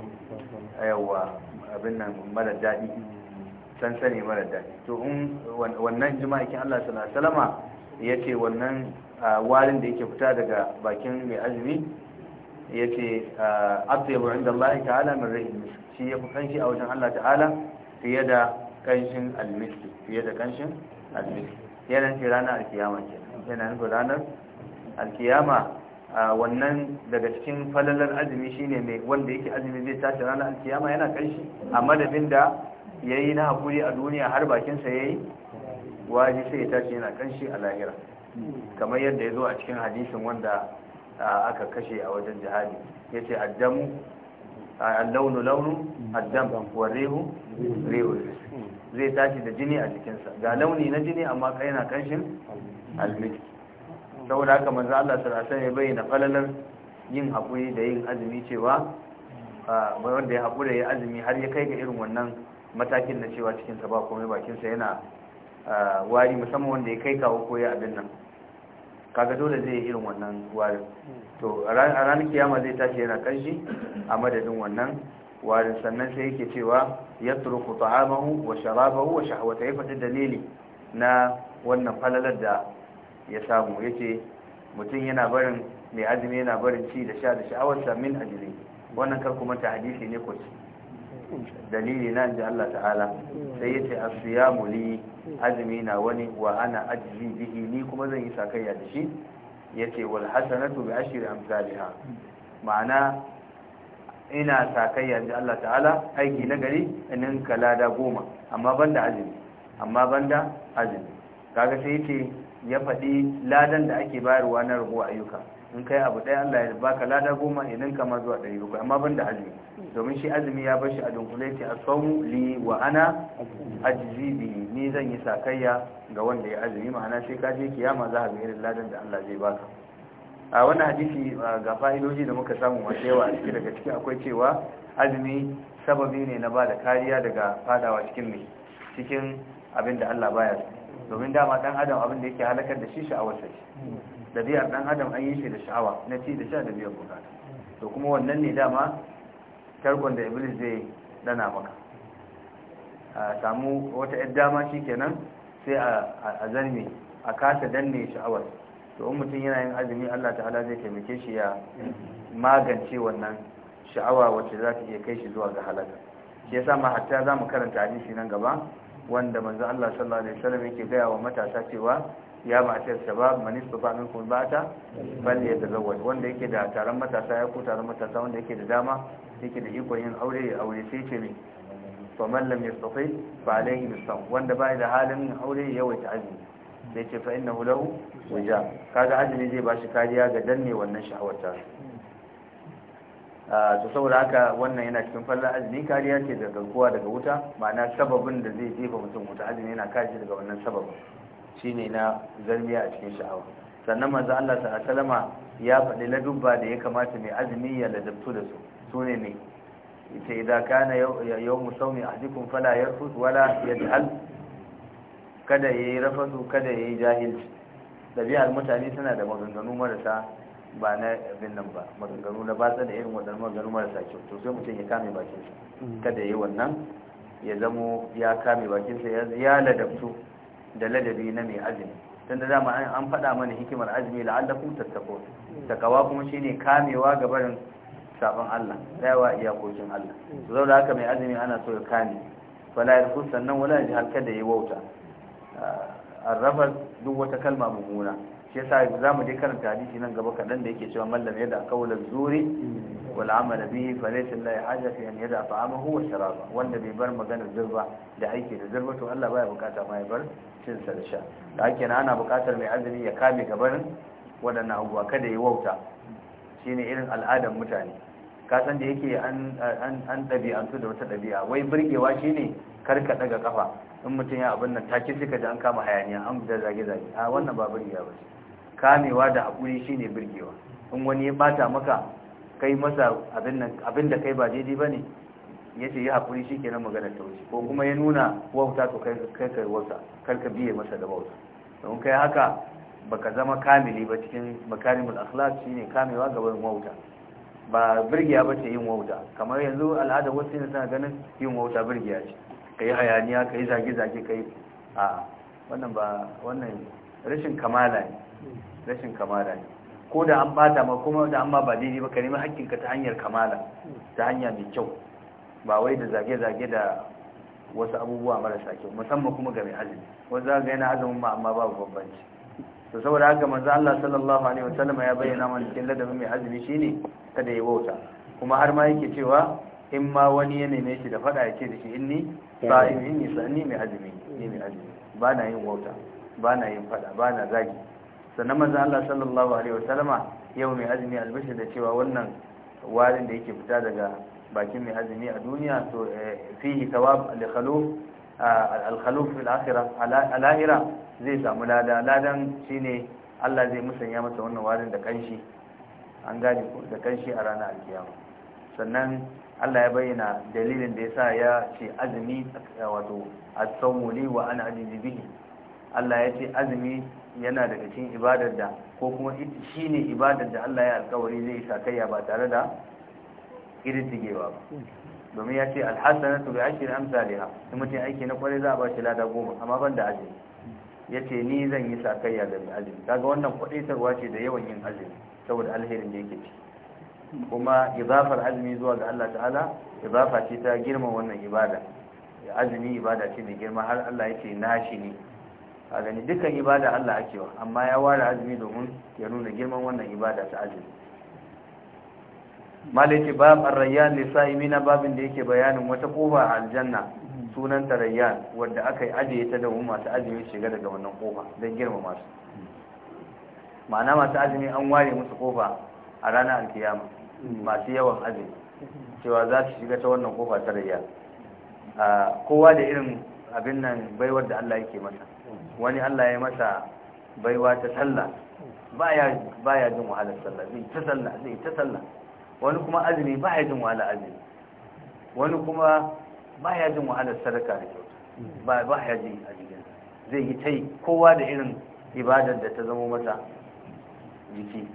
yawa abin nan mara daɗi san sani mara daɗi to in wannan jima'ikin Allah sallallahu salama ya ce wannan warin da yake fita daga bakin mai azumi ya ce abdu yabu inda Allah ta'ala min rahim shi ya fi kanshi a wajen Allah ta'ala fiye da kanshin almiski fiye da kanshin almiski yana ce ranar alkiyama ke yana nufin ranar alkiyama wannan daga cikin falalar azumi shine mai wanda yake azumi zai tashi ranar alkiyama yana kanshi a madadin da ya yi na haƙuri a duniya har bakinsa ya yi waje sai ya tashi yana kanshi a lahira kamar yadda ya zo a cikin hadisin wanda aka kashe a wajen jihadi ya ce addamu allaunu launu addam wa rehu rehu zai tashi da jini a jikinsa ga launi na jini amma kai na kanshin almiki saboda haka manzo Allah sallallahu alaihi wasallam ya falalar yin haƙuri da yin azumi cewa wanda ya haƙura ya azumi har ya kai ga irin wannan matakin na cewa cikinsa ba komai bakinsa yana ah, wari musamman wanda ya kai kawo koya ya abin nan kaga dole zai yi irin wannan warin to a ranar kiyama zai tashi yana karshi a madadin wannan warin sannan sai yake cewa ya turku ta'amahu wa sharabahu wa shahwata ya faɗi dalili na wannan falalar da ya samu yace mutum yana barin mai azumi yana barin ci da sha da sha'awarsa min ajili wannan kar kuma hadisi ne ko ci dalili na ji Allah ta'ala sai yace asiyamu li azmi na wani wa ana ajzi bihi ni kuma zan yi sakayya da shi yace wal hasanatu bi ashri amsalha ma'ana ina sakayya da Allah ta'ala aiki na gari inin kalada goma amma banda azumi amma banda azumi kaga sai yace ya faɗi ladan da ake bayarwa na rubu ayyuka in kai abu ɗaya Allah ya baka lada goma ya ninka ma zuwa ɗari bakwai amma ban da azumi domin shi azumi ya bashi a dunkule a saumu li wa ana bi ni zan yi sakayya ga wanda ya azumi ma'ana sai ka je kiyama za a ga irin ladan da Allah zai baka a wannan hadisi ga fa'idoji da muka samu masu yawa a ciki daga ciki akwai cewa azumi sababi ne na ba da kariya daga fadawa cikin mai cikin abin da Allah baya domin dama dan adam abin da yake halakar da shi sha'awar sa dabi'ar dan adam an yi shi da sha'awa na ci da sha da biyar bukata to kuma wannan ne dama tarkon da iblis zai dana maka a samu wata yar dama shi kenan sai a zarme a kasa danne sha'awar to in mutum yana yin azumi allah ta'ala zai taimake shi ya magance wannan sha'awa wacce za ta iya kai shi zuwa ga halaka shi yasa ma hatta za mu karanta hadisi nan gaba wanda manzo allah sallallahu alaihi wasallam yake gaya wa matasa cewa ya ma'ashar shabab man istata balle ya falyatazawwaj wanda yake da taron matasa ya ko taron matasa wanda yake da dama yake da iko yin aure ya aure sai ce ne Fa man lam yastati fa alayhi bisawm wanda bai da halin aure ya yawaita azumi sai ce fa innahu lahu wija kaga azumi zai bashi kariya ga danne wannan sha'awar ta ah, to saboda haka wannan yana cikin falla azumi kariya ce daga garkuwa daga wuta ma'ana sababin da zai jefa mutum wuta azumi yana kare daga wannan sababin shine na zarmiya a cikin sha'awa sannan manzo Allah sallallahu ya faɗi ladubba da ya kamata mai azumi ya ladabtu da su sune ne ita idan kana yawmu a jikin fala yarfus wala yajhal kada ya yi rafasu kada ya yi jahilci dabi'ar mutane suna da maganganu marasa ba na abin nan ba maganganu na batsa da irin waɗannan maganganu marasa kyau to sai mutum ya kame bakinsa mm. kada ya yi wannan ya zamo ya kame bakinsa ya ladabtu da ladabi na mai azumi tunda dama an faɗa mana hikimar azumi la'allakum ta takawa kuma shine kamewa ga barin sabon Allah tsayawa iyakokin Allah to da haka mai azumi ana so ya kame fala yarfus sannan wala halka da yi wauta ah, arrafa duk wata kalma mummuna shi yasa za mu je karanta hadisi nan gaba kaɗan da yake cewa mallam yadda kaula zuri wal amala bihi fa laysa lillahi haja fi an yada wa sharaba wanda bai bar magana zurba da aiki da zurba to Allah baya bukata ma ya bar cin sa da sha da ake na ana bukatar mai azumi ya kame gabarin waɗannan abubuwa kada ya wauta shine irin al'adar mutane ka san da yake an ɗabi'antu da wata ɗabi'a wai burgewa kar ka ɗaga kafa in mutum ya abin nan take sai ji an kama hayaniya an da zage zage a wannan ba burgewa ba ce kamewa da haƙuri shine birgewa in wani ya bata maka kai masa abin da kai ba daidai ba ne ya ce ya haƙuri shi kenan magana ta wuce ko kuma ya nuna wauta to kai kai wauta karka biye masa da wauta don kai haka baka zama kamili ba cikin makarimul akhlaq shine kamewa gaban wauta ba birgiya ba ce yin wauta kamar yanzu al'adar wasu ne suna ganin yin wauta birgiya ce ka yi hayaniya ka yi zage-zage ka yi a wannan ba wannan rashin kamala ne rashin kamala ne ko da an bata ma kuma da an ma ba daidai ba ka nemi ka ta hanyar kamala ta hanya mai kyau ba wai da zage-zage da wasu abubuwa marasa kyau musamman kuma ga mai azumi wanda za ga yana azumin ma amma babu bambanci to saboda haka manzo Allah sallallahu alaihi wasallam ya bayyana mana cikin ladabin mai azumi shine kada ya wauta kuma har ma yake cewa in ma wani ya neme shi da fada yake da shi inni sa'im inni sa'ni mai azumi ni mai azumi ba na yin wauta ba na yin fada ba na zagi sannan mazan Allah sallallahu alaihi wasallama yau mai azumi albishir da cewa wannan warin da yake fita daga bakin mai azumi a duniya to eh, fihi thawab li khaluf zai samu lada ladan shine Allah zai musanya masa wannan warin da kanshi an gani da kanshi a ranar alkiyama sannan Allah ya bayyana dalilin da ya sa ya ce azumi wato a tsawon wa ana ajiyar bihi Allah ya ce azumi yana daga cikin ibadar da ko kuma shi ne ibadar da Allah ya alkawari zai isa kaiya ba tare da irtigewa ba domin ya ce alhassanatu bi Amsa amsalha in mutum aiki na kwarai za a ba shi lada goma amma ban da azumi ya ce ni zan yi sakayya da azumi daga wannan kwadaitarwa ce da yawan yin azumi saboda alherin da yake ci kuma izafar azumi zuwa ga Allah ta'ala izafa ce ta girma wannan ibada azumi ibada ce mai girma har Allah ya ce na shi ne a gani dukkan ibada Allah ake wa amma ya ware azumi domin ya nuna girman wannan ibada ta azumi malaki bab ar-rayyan lisa'imina babin da yake bayanin wata kofa a aljanna sunan ta rayyan wanda aka yi ajiye ta domin masu azumi shiga daga wannan kofa don girma masu ma'ana masu azumi an ware musu kofa a ranar alkiyama masu yawan azumi cewa za su shiga ta wannan kofa ta rayyan ah, kowa da irin abin nan baiwar da Allah yake masa wani Allah ya masa baiwa ta sallah ba ya jin wahalar sallah zai ta sallah zai ta sallah wani kuma azumi ya jin wahalar azumi wani kuma ba ya jin wahalar sadaka da kyauta ya jin a zai yi yi kowa da irin ibadar da ta zama mata jiki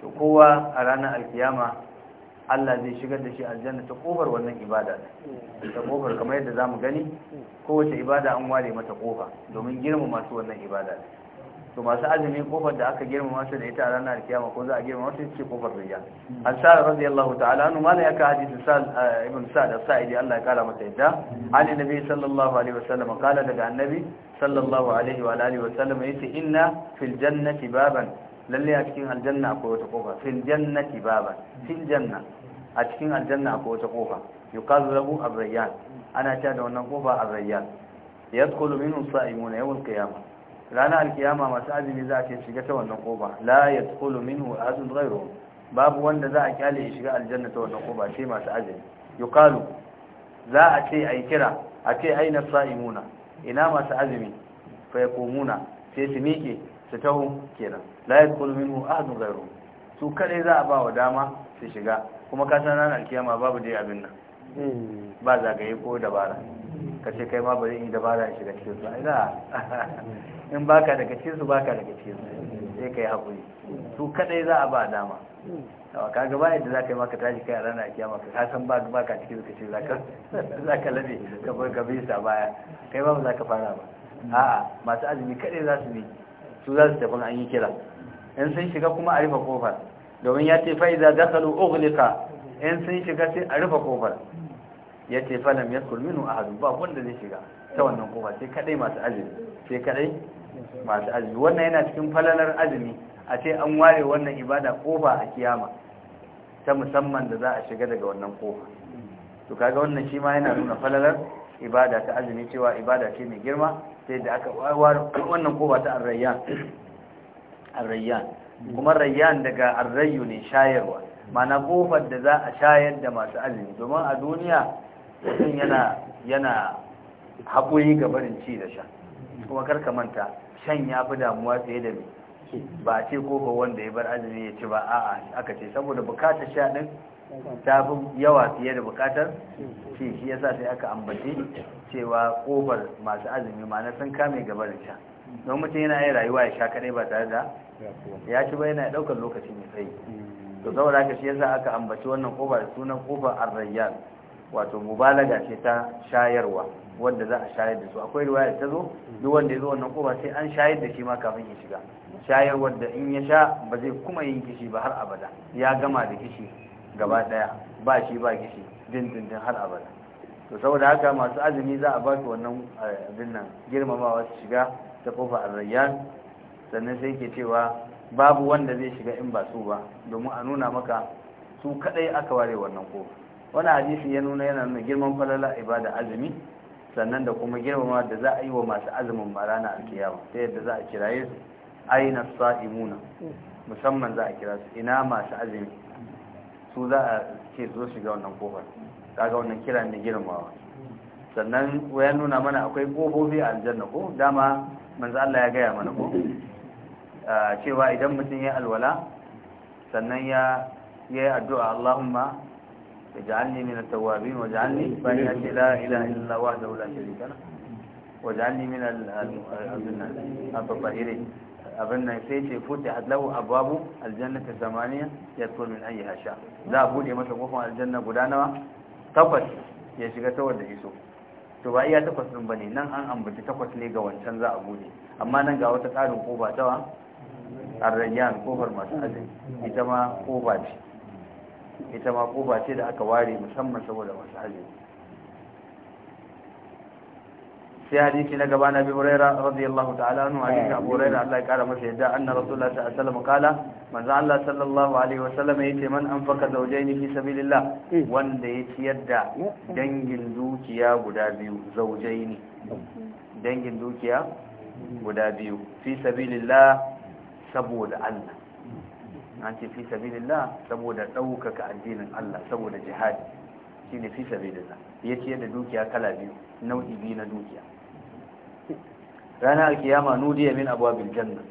to kowa a ranar alkiyama Allah zai shigar da shi aljanna ta kofar wannan ibada ta kofar kamar yadda zamu gani kowace ibada an ware mata kofa domin girmama su wannan ibada to masu azumi kofar da aka girmama su da ita a ranar kiyama ko za a girma masu ce kofar riya al-sa'd radiyallahu ta'ala anhu mala yaka hadithu sa'd eh, ibn sa'd as-sa'idi Allah ya kara masa yadda an nabi sallallahu alaihi wasallam kala daga annabi sallallahu alaihi wa alihi wasallam yace inna fil jannati baban lalle a cikin aljanna akwai wata kofa fil jannati baba fil janna a cikin aljanna akwai wata kofa yuqalu lahu ar-rayyan ana ta da wannan kofa ar-rayyan yadkhulu minhu sa'imuna yawm al-qiyamah rana al-qiyama masu azumi za ta shiga ta wannan kofa la yadkhulu minhu ahadun ghayruhu babu wanda za a kyale ya shiga aljanna ta wannan kofa sai masu azumi yuqalu za a ce ai kira a ce aina sa'imuna ina masu azumi fa yaqumuna sai su miƙe su taho kenan la yadkhul minhu ahad ghayru su kadai za a ba wa dama su shiga kuma ka san ranar kiyama babu dai abin nan ba zagaye ko dabara ka ce kai ma ba zai yi dabara shiga cikin su ila in baka daga cikin su baka daga cikin su sai kai hakuri su kadai za a ba dama yawa ka gaba yadda za ka yi maka tashi kai a ranar kiyama ka san ba ba ka cikin kace za ka za ka lade ka bar ka bi sa baya kai ba za ka fara ba a'a masu azumi kadai za su yi. su za su tafi an yi kira in sun shiga kuma a rufe kofar domin ya ce fa'iza dakalu ughliqa in sun shiga sai a rufe kofar ya ce falam yadkhul minhu ahad ba wanda zai shiga ta wannan kofa sai kadai masu azumi sai kadai masu azumi wannan yana cikin falalar azumi a ce an ware wannan ibada kofa a kiyama ta musamman da za a shiga daga wannan kofa to kaga wannan shi ma yana nuna falalar ibada ta azumi cewa ibada ce mai girma sai da aka wannan koba ta arrayyan arrayyan kuma rayyan daga arrayu ne shayarwa mana kofar da za a shayar da masu azumi domin a duniya mutum yana yana haƙoyi ga barin ci da sha kuma karka manta shan ya fi damuwa tsaye da mai ba ce kofa wanda ya bar azumi ya ci ba a'a aka ce saboda bukatar sha din ta fi yawa fiye da bukatar ce shi yasa sai aka ambace cewa kofar masu azumi ma'ana sun kame gaba da sha don mutum yana yi rayuwa ya sha kadai ba tare da ya ci ba yana daukar lokaci mai tsayi to saboda haka shi yasa aka ambaci wannan kofar da sunan kofar arrayyar wato mubalaga ce ta shayarwa wanda za a shayar da su akwai riwaya ta zo duk wanda ya zo wannan kofa sai an shayar da shi ma kafin ya shiga shayarwar da in ya sha ba zai kuma yin kishi ba har abada ya gama da kishi gaba daya ba shi ba gishi dindindin har abada to saboda haka masu azumi za a ba wannan eh, abin nan girmamawa su shiga ta kofa arrayyan sannan sai ke cewa babu wanda zai shiga in ba su ba domin a nuna maka su kadai aka ware wannan kofa wani hadisi ya nuna yana nuna girman falala ibada azumi sannan da kuma girmama da za a yi wa masu azumin marana alkiyama ta yadda za a kiraye su aina sa'imuna mm. musamman za a kira su ina masu azumi su za a ce zo shiga wannan kofar kaga wannan kira ne girmawa sannan waya nuna mana akwai kofofi a aljanna ko dama manzo Allah ya gaya mana ko cewa idan mutum ya alwala sannan ya yi addu'a Allahumma ij'alni min at-tawwabin waj'alni fa inna la ilaha illa wahdahu la sharika lahu waj'alni min al-mu'minin abin nan sai ce futi adlahu ababu aljannati samaniya yadkhul min yi sha za a buɗe masa kofar aljanna guda nawa takwas ya shiga ta wanda iso to ba iya takwas din ne nan an ambaci takwas ne ga wancan za a bude amma nan ga wata tsarin kofa tawa arrayyan kofar masu azumi ita ma kofa ce ita ma ce da aka ware musamman saboda masu azumi sai hadisi na gaba na bi huraira radiyallahu ta'ala anhu eh, hadisi abu huraira Allah ya kara masa yadda anna rasulullah sallallahu alaihi wasallam kala manzo Allah sallallahu alaihi wasallam yace man anfaka zawjaini fi sabilillah eh. wanda ya ciyar da dangin dukiya guda biyu zawjaini dangin dukiya guda biyu fi sabilillah saboda Allah an ce fi sabilillah saboda ɗaukaka addinin Allah saboda jihadi shine fi sabilillah ya ciyar da dukiya kala biyu nau'i biyu na dukiya Rana alkiyama nudiya min abwabil janna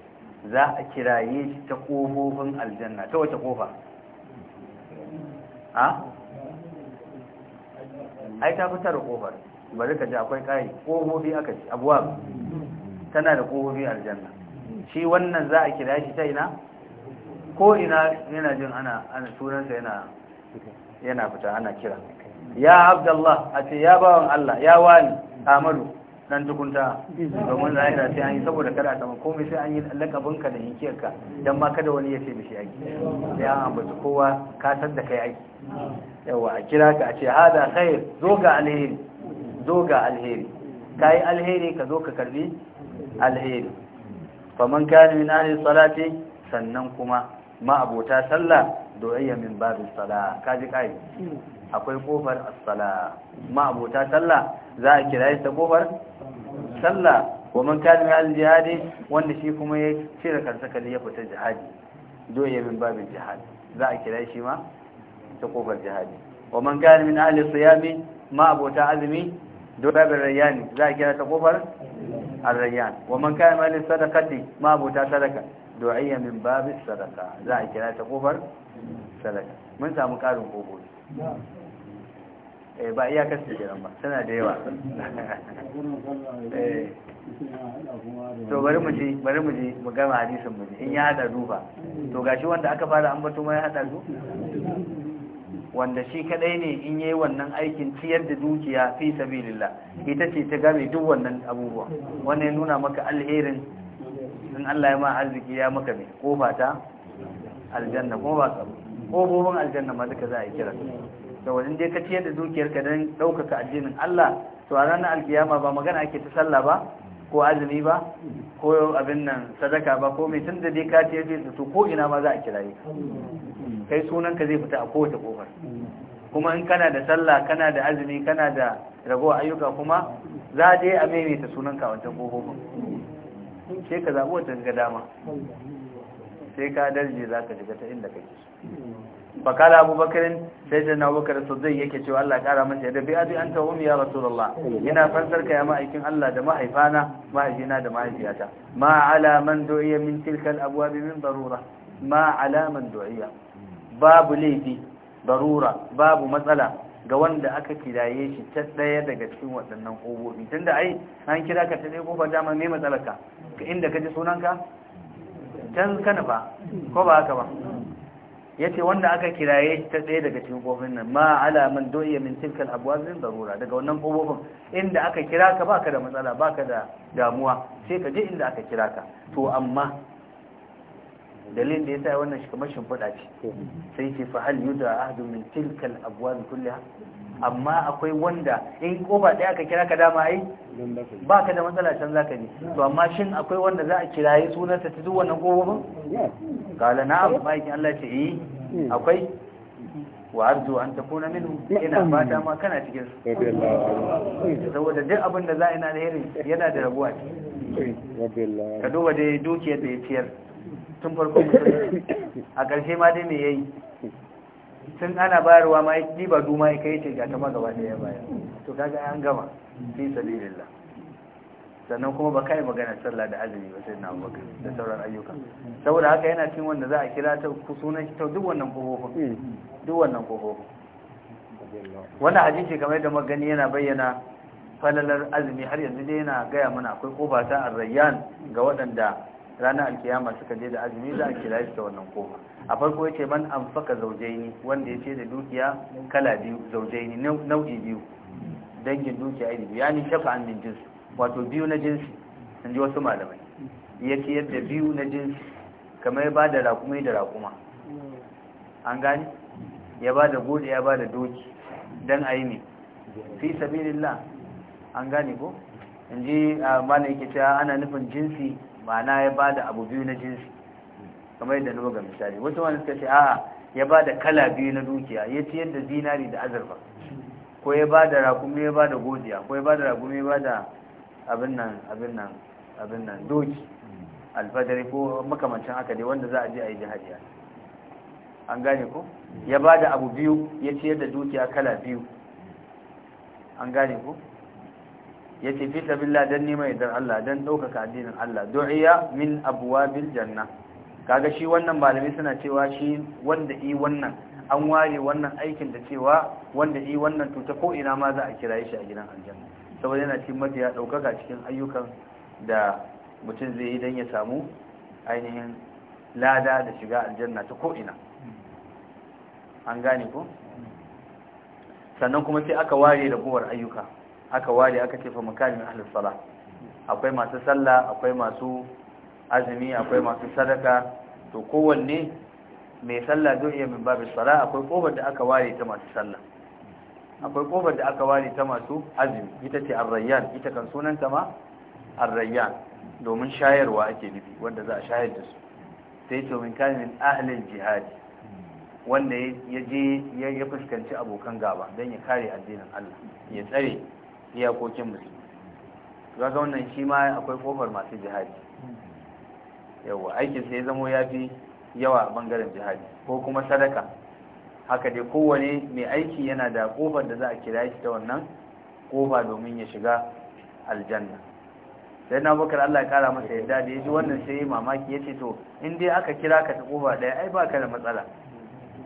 za a kiraye shi ta kofofin aljanna ta wace kofa a ai ta fitar ƙofar. bari ka ji akwai kai kofofi aka ci abwab tana da kofofin aljanna shi wannan za a kiraye shi ta ina ko ina yana jin ana ana sunansa yana yana fita ana kira ya abdullah a ce ya bawan Allah ya wani amadu nan tukunta domin za a sai an yi saboda kada a samu komai sai an yi lakabinka da hinkiyarka don ma kada wani ya ce mishi aiki sai an ambaci kowa ka san da kai aiki yawa a kira ka a ce hada khair zo ga alheri zo ga alheri ka yi alheri ka zo ka karbi alheri faman kana min ahli salati sannan kuma ma abota sallah doyayya min babin ka kaji kai akwai kofar as-sala ma abota sallah za a kira ta kofar sallah wa man kana min al-jihadi wanda shi kuma ya cire kansa kalli ya fita jihadi do ya min babin jihadi za a kira shi ma ta kofar jihadi wa man kana min ahli siyami ma abota azumi do babin rayyan za a kira ta kofar ar-rayyan wa man kana min sadaqati ma abota sadaka iya min babin sadaqa za a kira ta kofar sadaka mun samu karin kokoki Eh, ba iyakar su jiran ba tana da yawa eh. to bari mu ji bari mu ji mu gama hadisin mu in ya hada duba to gashi wanda aka fara an bato ya hada su wanda shi kadai ne in yayi wannan aikin ciyar da dukiya fi sabilillah ita ce ta game duk wannan abubuwa wannan ya nuna maka alherin in Allah ya ma arziki ya maka ne ba ta aljanna ko ba ko kofofin aljanna ma duka za a yi kira da wajen dai ka ciyar da dukiyarka don ɗaukaka addinin Allah to a ranar alkiyama ba magana ake ta sallah ba ko azumi ba ko abin nan sadaka ba ko mai tun da dai ka ciyar da su ko ina ma za a kiraye kai sunan ka zai fita a kowace kofar kuma in kana da sallah kana da azumi kana da rago ayyuka kuma za a je a maimaita sunan ka a wancan sai ka zaɓi wata ga dama sai ka darje za ka shiga ta inda kake so fakala abubakarin sai da na abubakar zai yake cewa Allah kara masa yadda bai abi an ta umi ya rasulullah ina fansar ka ya ma'aikin Allah da mahaifana mahaifina da mahaifiyata ma ala man du'iya min tilkal abwabi min darura ma ala man du'iya babu laifi darura babu matsala ga wanda aka kiraye shi ta daya daga cikin waɗannan kobobi tunda ai an kira ka ta dai kofar dama me matsalarka inda ka ji sunanka can kana ba ko ba haka ba yace wanda aka kiraye shi ta ɗaya daga cikin kofin nan ma ala man doya min tilkal abwab min darura daga wannan kofofin inda aka kira ka baka da matsala baka da damuwa sai ka je inda aka kira ka to amma dalilin da ya sa wannan shi kamar shimfiɗa ce sai ce fa hal yuda ahadun min tilkal abwab kulliha amma akwai wanda in kofa ɗaya aka kira ka dama ai ba ka da matsala can za ka ne to amma shin akwai wanda za a kiraye sunansa ta duk wannan kofofin kala na abu ma'aikin Allah ce eh, yi akwai wa arzu an na minu ina fata ma kana cikin saboda duk abin da za a yi na alheri yana da rabuwa ka duba dai dukiyar da ya ciyar tun farko a ƙarshe ma dai me yayi tun ana bayarwa ma yi ɗiba duma ya kai ce ga ta magaba da ya bayar to kaga an gama fi sabilillah sannan kuma ba kai magana sallah da azumi ba sai na abubakar da sauran ayyuka saboda haka yana cin wanda za a kira ta sunan shi ta duk wannan kofofin duk wannan kofofin wannan hadisi kamar da magani yana bayyana falalar azumi har yanzu dai yana gaya mana akwai kofa ta arrayyan ga waɗanda ranar alkiyama suka je da azumi za a kira shi da wannan koma. a farko ban man faka zaujaini wanda ya ce da dukiya kala biyu zaujaini nau'i biyu dangin dukiya iri biyu yani an din jinsi. wato biyu na jinsi sun ji wasu malamai ya ce yadda biyu na jinsi kamar ba da raƙumi da raƙuma an gani ya ba da gode ya ba da doki don a yi ne fi sabirillah an gani ko in ji ah, malai ke cewa ana nufin jinsi ma'ana ya ba da abu biyu na jinsi kamar yadda nuna ga misali wasu wani suka ce a'a ya ba da kala biyu na dukiya ya ciyar da zinari da azurfa ko ya ba da rakumi ya ba da godiya ko ya ba da rakumi ya ba da abin nan abin nan abin nan doki alfadari ko makamancin haka dai wanda za a je a yi jihadiya an gane ko ya ba da abu biyu ya ciyar da dukiya kala biyu an gane ko yace fi sabilillah dan neman idan Allah dan ɗaukaka addinin Allah iya min abwabil janna kaga shi wannan malami suna cewa shi wanda yi wannan an ware wannan aikin da cewa wanda yi wannan tuta ko ina ma za a kira shi a gidan aljanna saboda yana cikin mafiya ɗaukaka cikin ayyukan da mutum zai yi don ya samu ainihin lada da shiga aljanna ta ko ina an gane ko sannan kuma sai aka ware ragowar ayyuka aka ware aka ce fa makamin ahlus sala akwai masu sallah akwai masu azumi akwai masu sadaka to kowanne mai sallah zai iya min babu sala akwai kofar da aka ware ta masu sallah akwai kofar da aka ware ta masu azumi ita ce arrayyan ita kan sunanta ma arrayyan domin shayarwa ake nufi wanda za a shayar da su sai to min kamin ahlul jihadi wanda ya je ya fuskanci abokan gaba don ya kare addinin Allah ya tsare iyakokin musulmi ga wannan shi ma akwai kofar masu jihadi yawa aikin sai zamo ya fi yawa a bangaren jihadi ko kuma sadaka haka dai kowane mai aiki yana da kofar da za a kira shi ta wannan kofa domin ya shiga aljanna sai na bakar Allah ya kara masa yadda da ya ji wannan sai ya mamaki ya ce to in dai aka kira ka ta kofa daya ai ba ka da matsala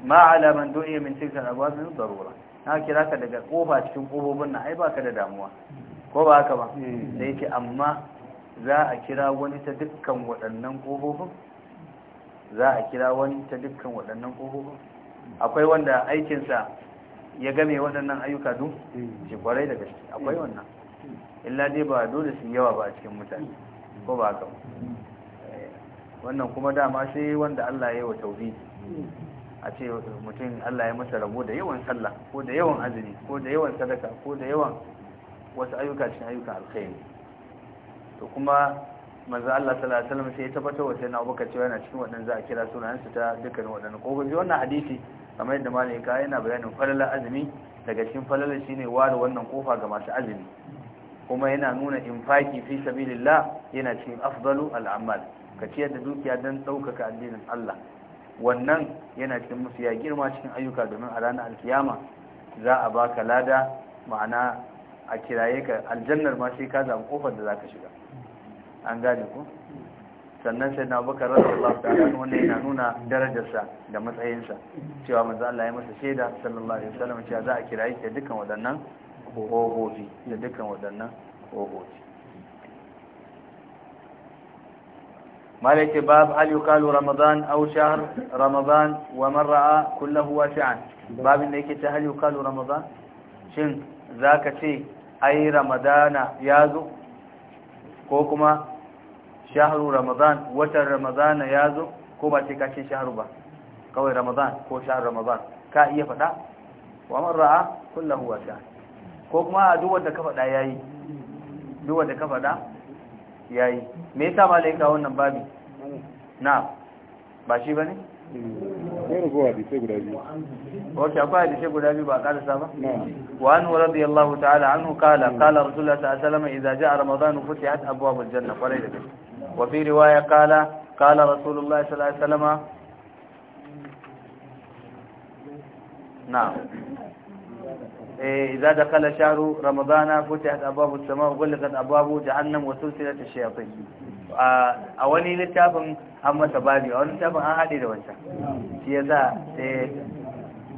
ma ala man du'iya min tilka abuwa sun min na kira ka daga kofa cikin kofofin na ai ka da damuwa ko ba haka ba da hmm. yake amma za a kira wani ta dukkan waɗannan kofofin za a kira wani ta dukkan waɗannan kofofin akwai wanda aikinsa ya game waɗannan ayyuka dun hmm. shi kwarai da gaske akwai hmm. wannan illa dai ba dole su yawa ba a cikin mutane ko ba haka eh, wannan kuma dama sai wanda Allah ya yi wa tauhidi a ce mutum Allah ya masa rabo da yawan sallah ko da yawan azumi ko da yawan sadaka ko da yawan wasu ayyuka cikin ayyukan alkhairi to kuma manzo Allah sallallahu alaihi wasallam sai ya tabbatar wa sayyidina Abubakar cewa yana cikin wadannan za a kira sunayensu ta dukkanin waɗannan kofofi wannan hadisi kamar yadda malami ka yana bayanin falalar azumi daga cikin falalar shine ware wannan kofa ga masu azumi kuma yana nuna infaki fi sabilillah yana cikin afdalu al'amal ka ciyar da dukiya don ɗaukaka addinin Allah wannan yana cikin musu ya girma cikin ayyuka domin a ranar alkiyama za a baka lada ma'ana a kiraye ka aljannar ma sai ka zama kofar da zaka shiga an gane ku sannan sai na bakar radiyallahu ta'ala wanda yana nuna darajarsa da matsayinsa cewa manzo Allah ya masa shaida sallallahu alaihi wasallam cewa za a kiraye ka dukkan waɗannan hohofi da dukkan waɗannan hohofi مالك باب هل يقال رمضان أو شهر رمضان ومن رأى كله واسعا باب إنك هل يقال رمضان شن ذاك شيء أي رمضان يازو كوكما شهر رمضان وشهر رمضان يازو كوبا تيكا تكاشي شهر با قوي رمضان كو شهر رمضان كا إيه فتا ومن رأى كله واسعا كوكما أدوة كفتا ياي دوة كفتا yayi me yasa malaika wannan babi na ba shi bane ne rubuwa da sai guda biyu wace akwai da guda biyu ba a karasa ba wa an radiyallahu ta'ala anhu kala kala rasulullah sallallahu alaihi a idza ja'a ramadan futihat abwabul janna kwarai da gaske wa fi riwaya kala qala rasulullah sallallahu alaihi wasallam إذا دخل شهر رمضان فتحت أبواب السماء وغلقت أبواب جهنم وسلسلة الشياطين a wani littafin an masa babi a wani littafin an haɗe da wancan shi ya eh,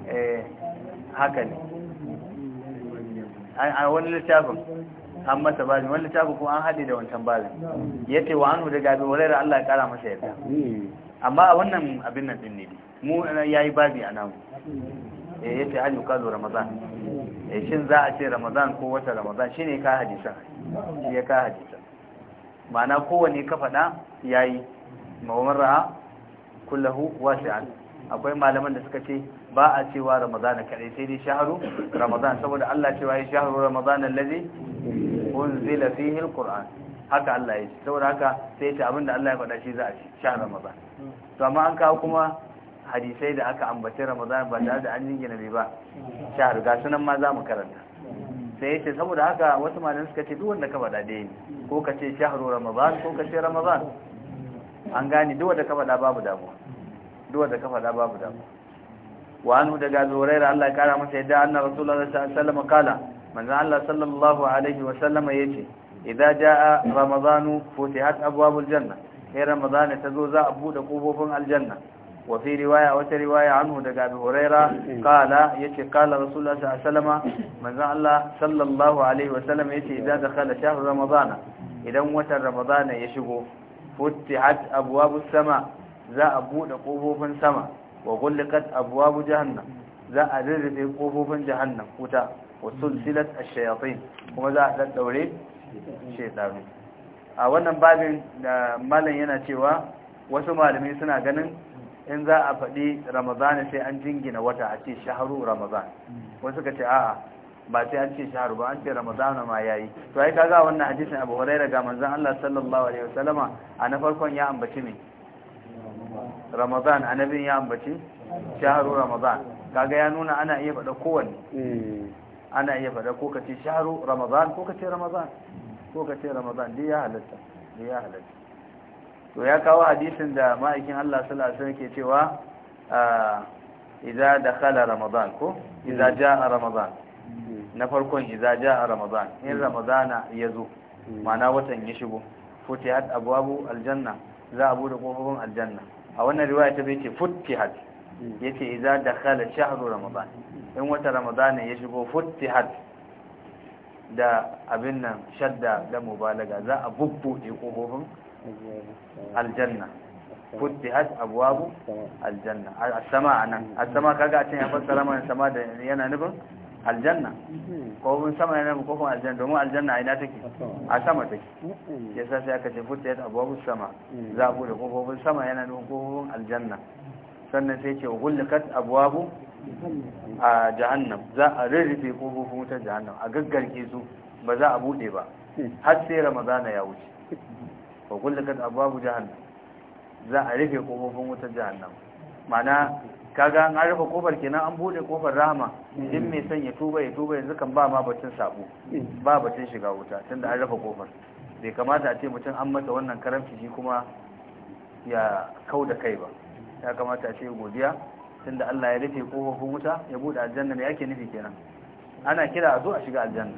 eh, haka ne a wani littafin an masa babi wani littafin kuma an haɗe da wancan babin ya wa an da gabi wurare Allah ya masa yadda amma a wannan abin nan ɗin ne mu ya yi babi a namu eh, ya ce hajji kazo ramazan Eh, shin za a ce ramadan ko wata ramadan shi ne ka hadisan shi ya ka hadisan mana kowane ka faɗa ya yi mawamin ra'a kullahu wasi'an akwai malaman da suka ce ba a cewa ramadan kaɗai sai dai shaharu ramadan saboda Allah cewa ya shaharu ramadan zila fi hil qur'an haka Allah ya ce saboda haka sai ce abinda Allah ya faɗa shi za a ce shahar ramadan to amma an kawo kuma hadisai da aka ambace ramadan ba tare da an yi gina ba shahar ga sunan ma za mu karanta sai yace saboda haka wasu malamai suka ce duk wanda ka faɗa dai ko ka ce shahru ramadan ko ka ce ramadan an gane duk wanda ka faɗa babu damuwa duk wanda ka faɗa babu damuwa wa anu daga zuraira Allah ya kara masa yadda annabi rasulullahi sallallahu alaihi wasallam kala manzo Allah sallallahu alaihi wasallam yace idza jaa ramadanu futihat abwabul janna sai ta zo za a bude kofofin aljanna وفي رواية وترواية عنه دقى أبي هريرة قال يتي قال رسول الله صلى الله عليه وسلم من زعل الله صلى الله عليه وسلم يتي إذا دخل شهر رمضان إذا وتر رمضان يشقو فتحت أبواب السماء ذا أبود قفوف سما وغلقت أبواب جهنم ذا أررف قفوف جهنم وتا وسلسلة الشياطين وما ذا أحدث دوري شيطان a wannan babin da malam yana cewa wasu malamai suna ganin in za a faɗi ramadana sai an jingina wata a ce shaharu ramadan wani suka ce a'a ba sai an ce shaharu ba an ce ramadana ma yayi to ai kaga wannan hadisin abu huraira ga manzon Allah sallallahu alaihi wasallama a na farkon ya ambaci me ramazan annabin ya ambaci shaharu ramazan kaga ya nuna ana iya faɗa kowanne mm. ana iya faɗa ko ka ce shaharu ramazan ko ka ce ko ka ce ramadan dai ya halatta dai ya halatta to ya kawo hadisin da ma'aikin Allah sallallahu alaihi wasallam ke cewa ah, idza dakhala ramadan ko idza hmm. jaa ramadan na farkon idza jaa ramadan in hmm. ramadana yazo hmm. ma'ana watan ya shigo futihat abwabu aljanna za a bude kofofin aljanna a wannan riwaya ta bace futihat yace idza dakhala shahru ramadan in wata ramadana ya shigo futihat da abin nan shadda da mubalaga za a ko kofofin aljanna futihat abwabu aljanna as-sama anan as-sama kaga a cikin yafar salama sama da yana nufin aljanna kofin sama yana nufin kofin aljanna domin aljanna a ina take a sama take yasa sai aka ce futihat abwabu sama za a bude kofofin sama yana nufin kofofin aljanna sannan sai ce hulkat abwabu a jahannam za a rarrafe kofofin wutar jahannam a gaggarke su ba za a bude ba har sai ramadana ya wuce wa kullu kat abwabu jahannam za a rufe kofofin wutar jahannam mana kaga an rufe kofar kenan an bude kofar rahama din mai son ya tuba ya tuba yanzu kan ba ma bacin sabo ba bacin shiga wuta tunda an rufe kofar bai kamata a ce mutum an masa wannan karamci shi kuma ya kau da kai ba ya kamata a ce godiya tunda Allah ya rufe kofofin wuta ya bude aljanna me yake nufi kenan ana kira a zo a shiga aljanna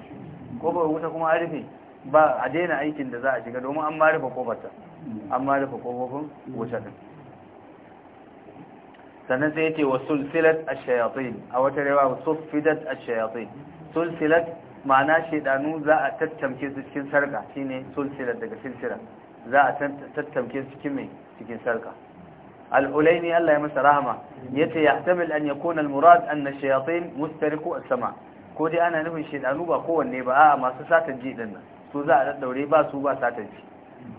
kofar wuta kuma an rufe ba a daina aikin da za a shiga domin an ma rufe kofarta an ma rufe kofofin wuce din sannan sai yace wa sulsilat ash-shayatin a wata rewa wa suffidat ash-shayatin sulsilat ma'ana shedanu za a tattamke su cikin sarka shine sulsilat daga silsila za a tattamke su cikin mai cikin sarka al-ulaini Allah ya masa rahama yace yahtamil an yakuna al-murad anna ash-shayatin ko as-sama ko dai ana nufin shedanu ba kowanne ba a'a masu satan ji din nan su za a daddaure ba su ba satanci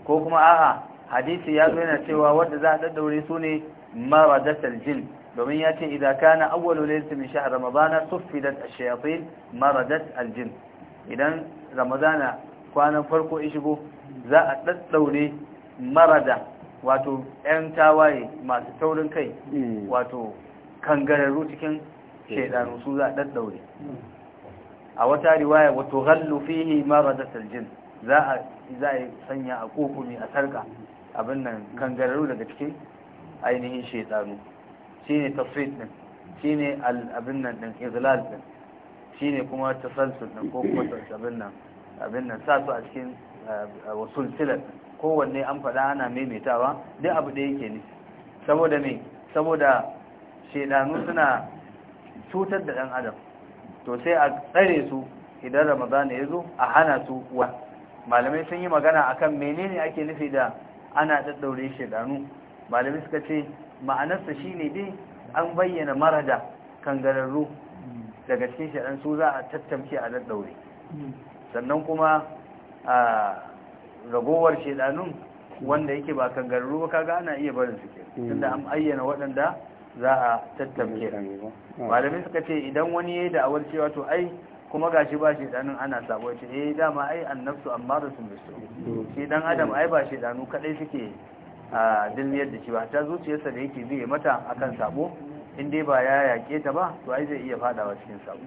ko kuma a'a hadisi ya zo yana cewa wanda za a daddaure su ne maradatul jin domin ya ce na kana awwalu su min shahr ramadana suffidat ash-shayatin maradat al-jin idan ramadana kwanan farko ya shigo za a daddaure marada wato yan tawaye masu taurin kai hmm. wato kangararru cikin hmm. shedanu su za a daddaure hmm. a wata riwaya wa gallu fihi maradat aljin za a za a sanya a kokumi a sarka abin nan kangararru daga cikin ainihin shaytanu shine tafsir din shine abin nan din izlal din shine kuma tasalsul din ko kuma abin nan abin nan sa su a cikin eh, wasul silat kowanne an faɗa ana maimaitawa duk abu da yake ne saboda me saboda shaytanu suna cutar da ɗan adam to sai a tsare su idan ramadana ya zo a hana su wa malamai sun yi magana akan menene ake nufi da ana daddaure shedanu malamai suka ce ma'anarsa shine dai an bayyana marada gararru daga cikin shedan su za a tattamce a daddaure sannan kuma a ragowar shedanun wanda yake ba gararru ba kaga ana iya barin su ke tunda an ayyana waɗanda za a tattamke malamai suka ce idan wani ya yi da'awar cewa to ai kuma gashi ba shi ana sabo ce eh dama ai annabtu amma da sun bisu shi dan adam ai ba shi danu kadai suke a dinniyar da shi ba ta zuciyarsa da yake biye mata akan sabo in dai ba ya yake ta ba to ai zai iya fadawa cikin sabo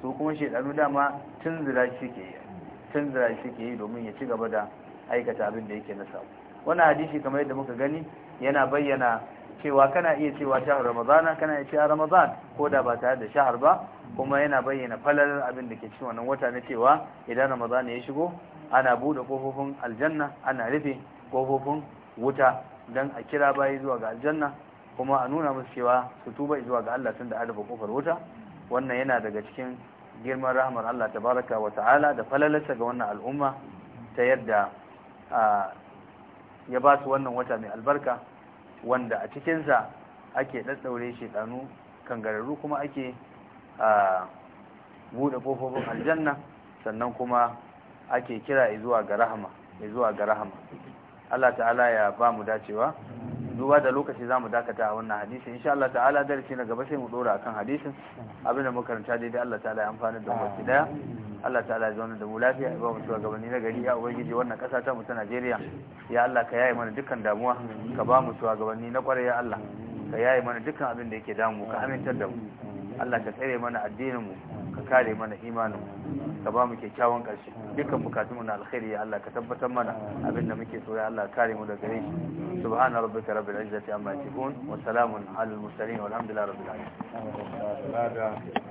su kuma shedanu dama tun zira suke yi tun zira suke yi domin ya ci gaba da aikata abin da yake na sabo wannan hadisi kamar yadda muka gani yana bayyana cewa kana iya cewa shahar ramadana kana iya cewa ramadan ko da ba tare da shahar ba kuma yana bayyana falalar abin da ke cikin wannan wata na cewa idan ramadana ya shigo ana bude kofofin aljanna ana rufe kofofin wuta dan a kira bayi zuwa ga aljanna kuma a nuna musu cewa su tuba zuwa ga Allah tunda an rufe kofar wuta wannan yana daga cikin girman rahmar Allah tabaraka wa ta'ala da falalarsa ga wannan al'umma ta yadda ya ba su wannan wata mai albarka wanda a cikinsa ake ɗaɗɗaure kan kangararru kuma ake a buɗe ƙofofin aljanna sannan kuma ake kira zuwa ga rahama zuwa ga rahama Allah ta'ala ya ba mu dacewa duba da lokaci zamu dakata a wannan hadisi insha Allah ta'ala darasi na gaba sai mu dora akan hadisin abinda muka karanta daidai Allah ta'ala ya amfana da mu ki daya Allah ta'ala ya zauna da mu lafiya ya ba mu shugabanni na gari ya ubangiji wannan kasa ta mu ta Najeriya ya Allah ka yaye mana dukkan damuwa ka ba mu gabani na kwarai ya Allah ka yaye mana dukkan abin da yake damu ka amintar da mu Allah ka tsere mana addininmu ka kare mana imaninmu ka ba mu kyakkyawan ƙarshe dukkan bukatunmu na alkhairi ya Allah ka tabbatar mana abin da muke so ya Allah kare mu daga gari shi subhana rabbika rabbil izzati amma yasifun wa salamun alal mursalin walhamdulillahi rabbil alamin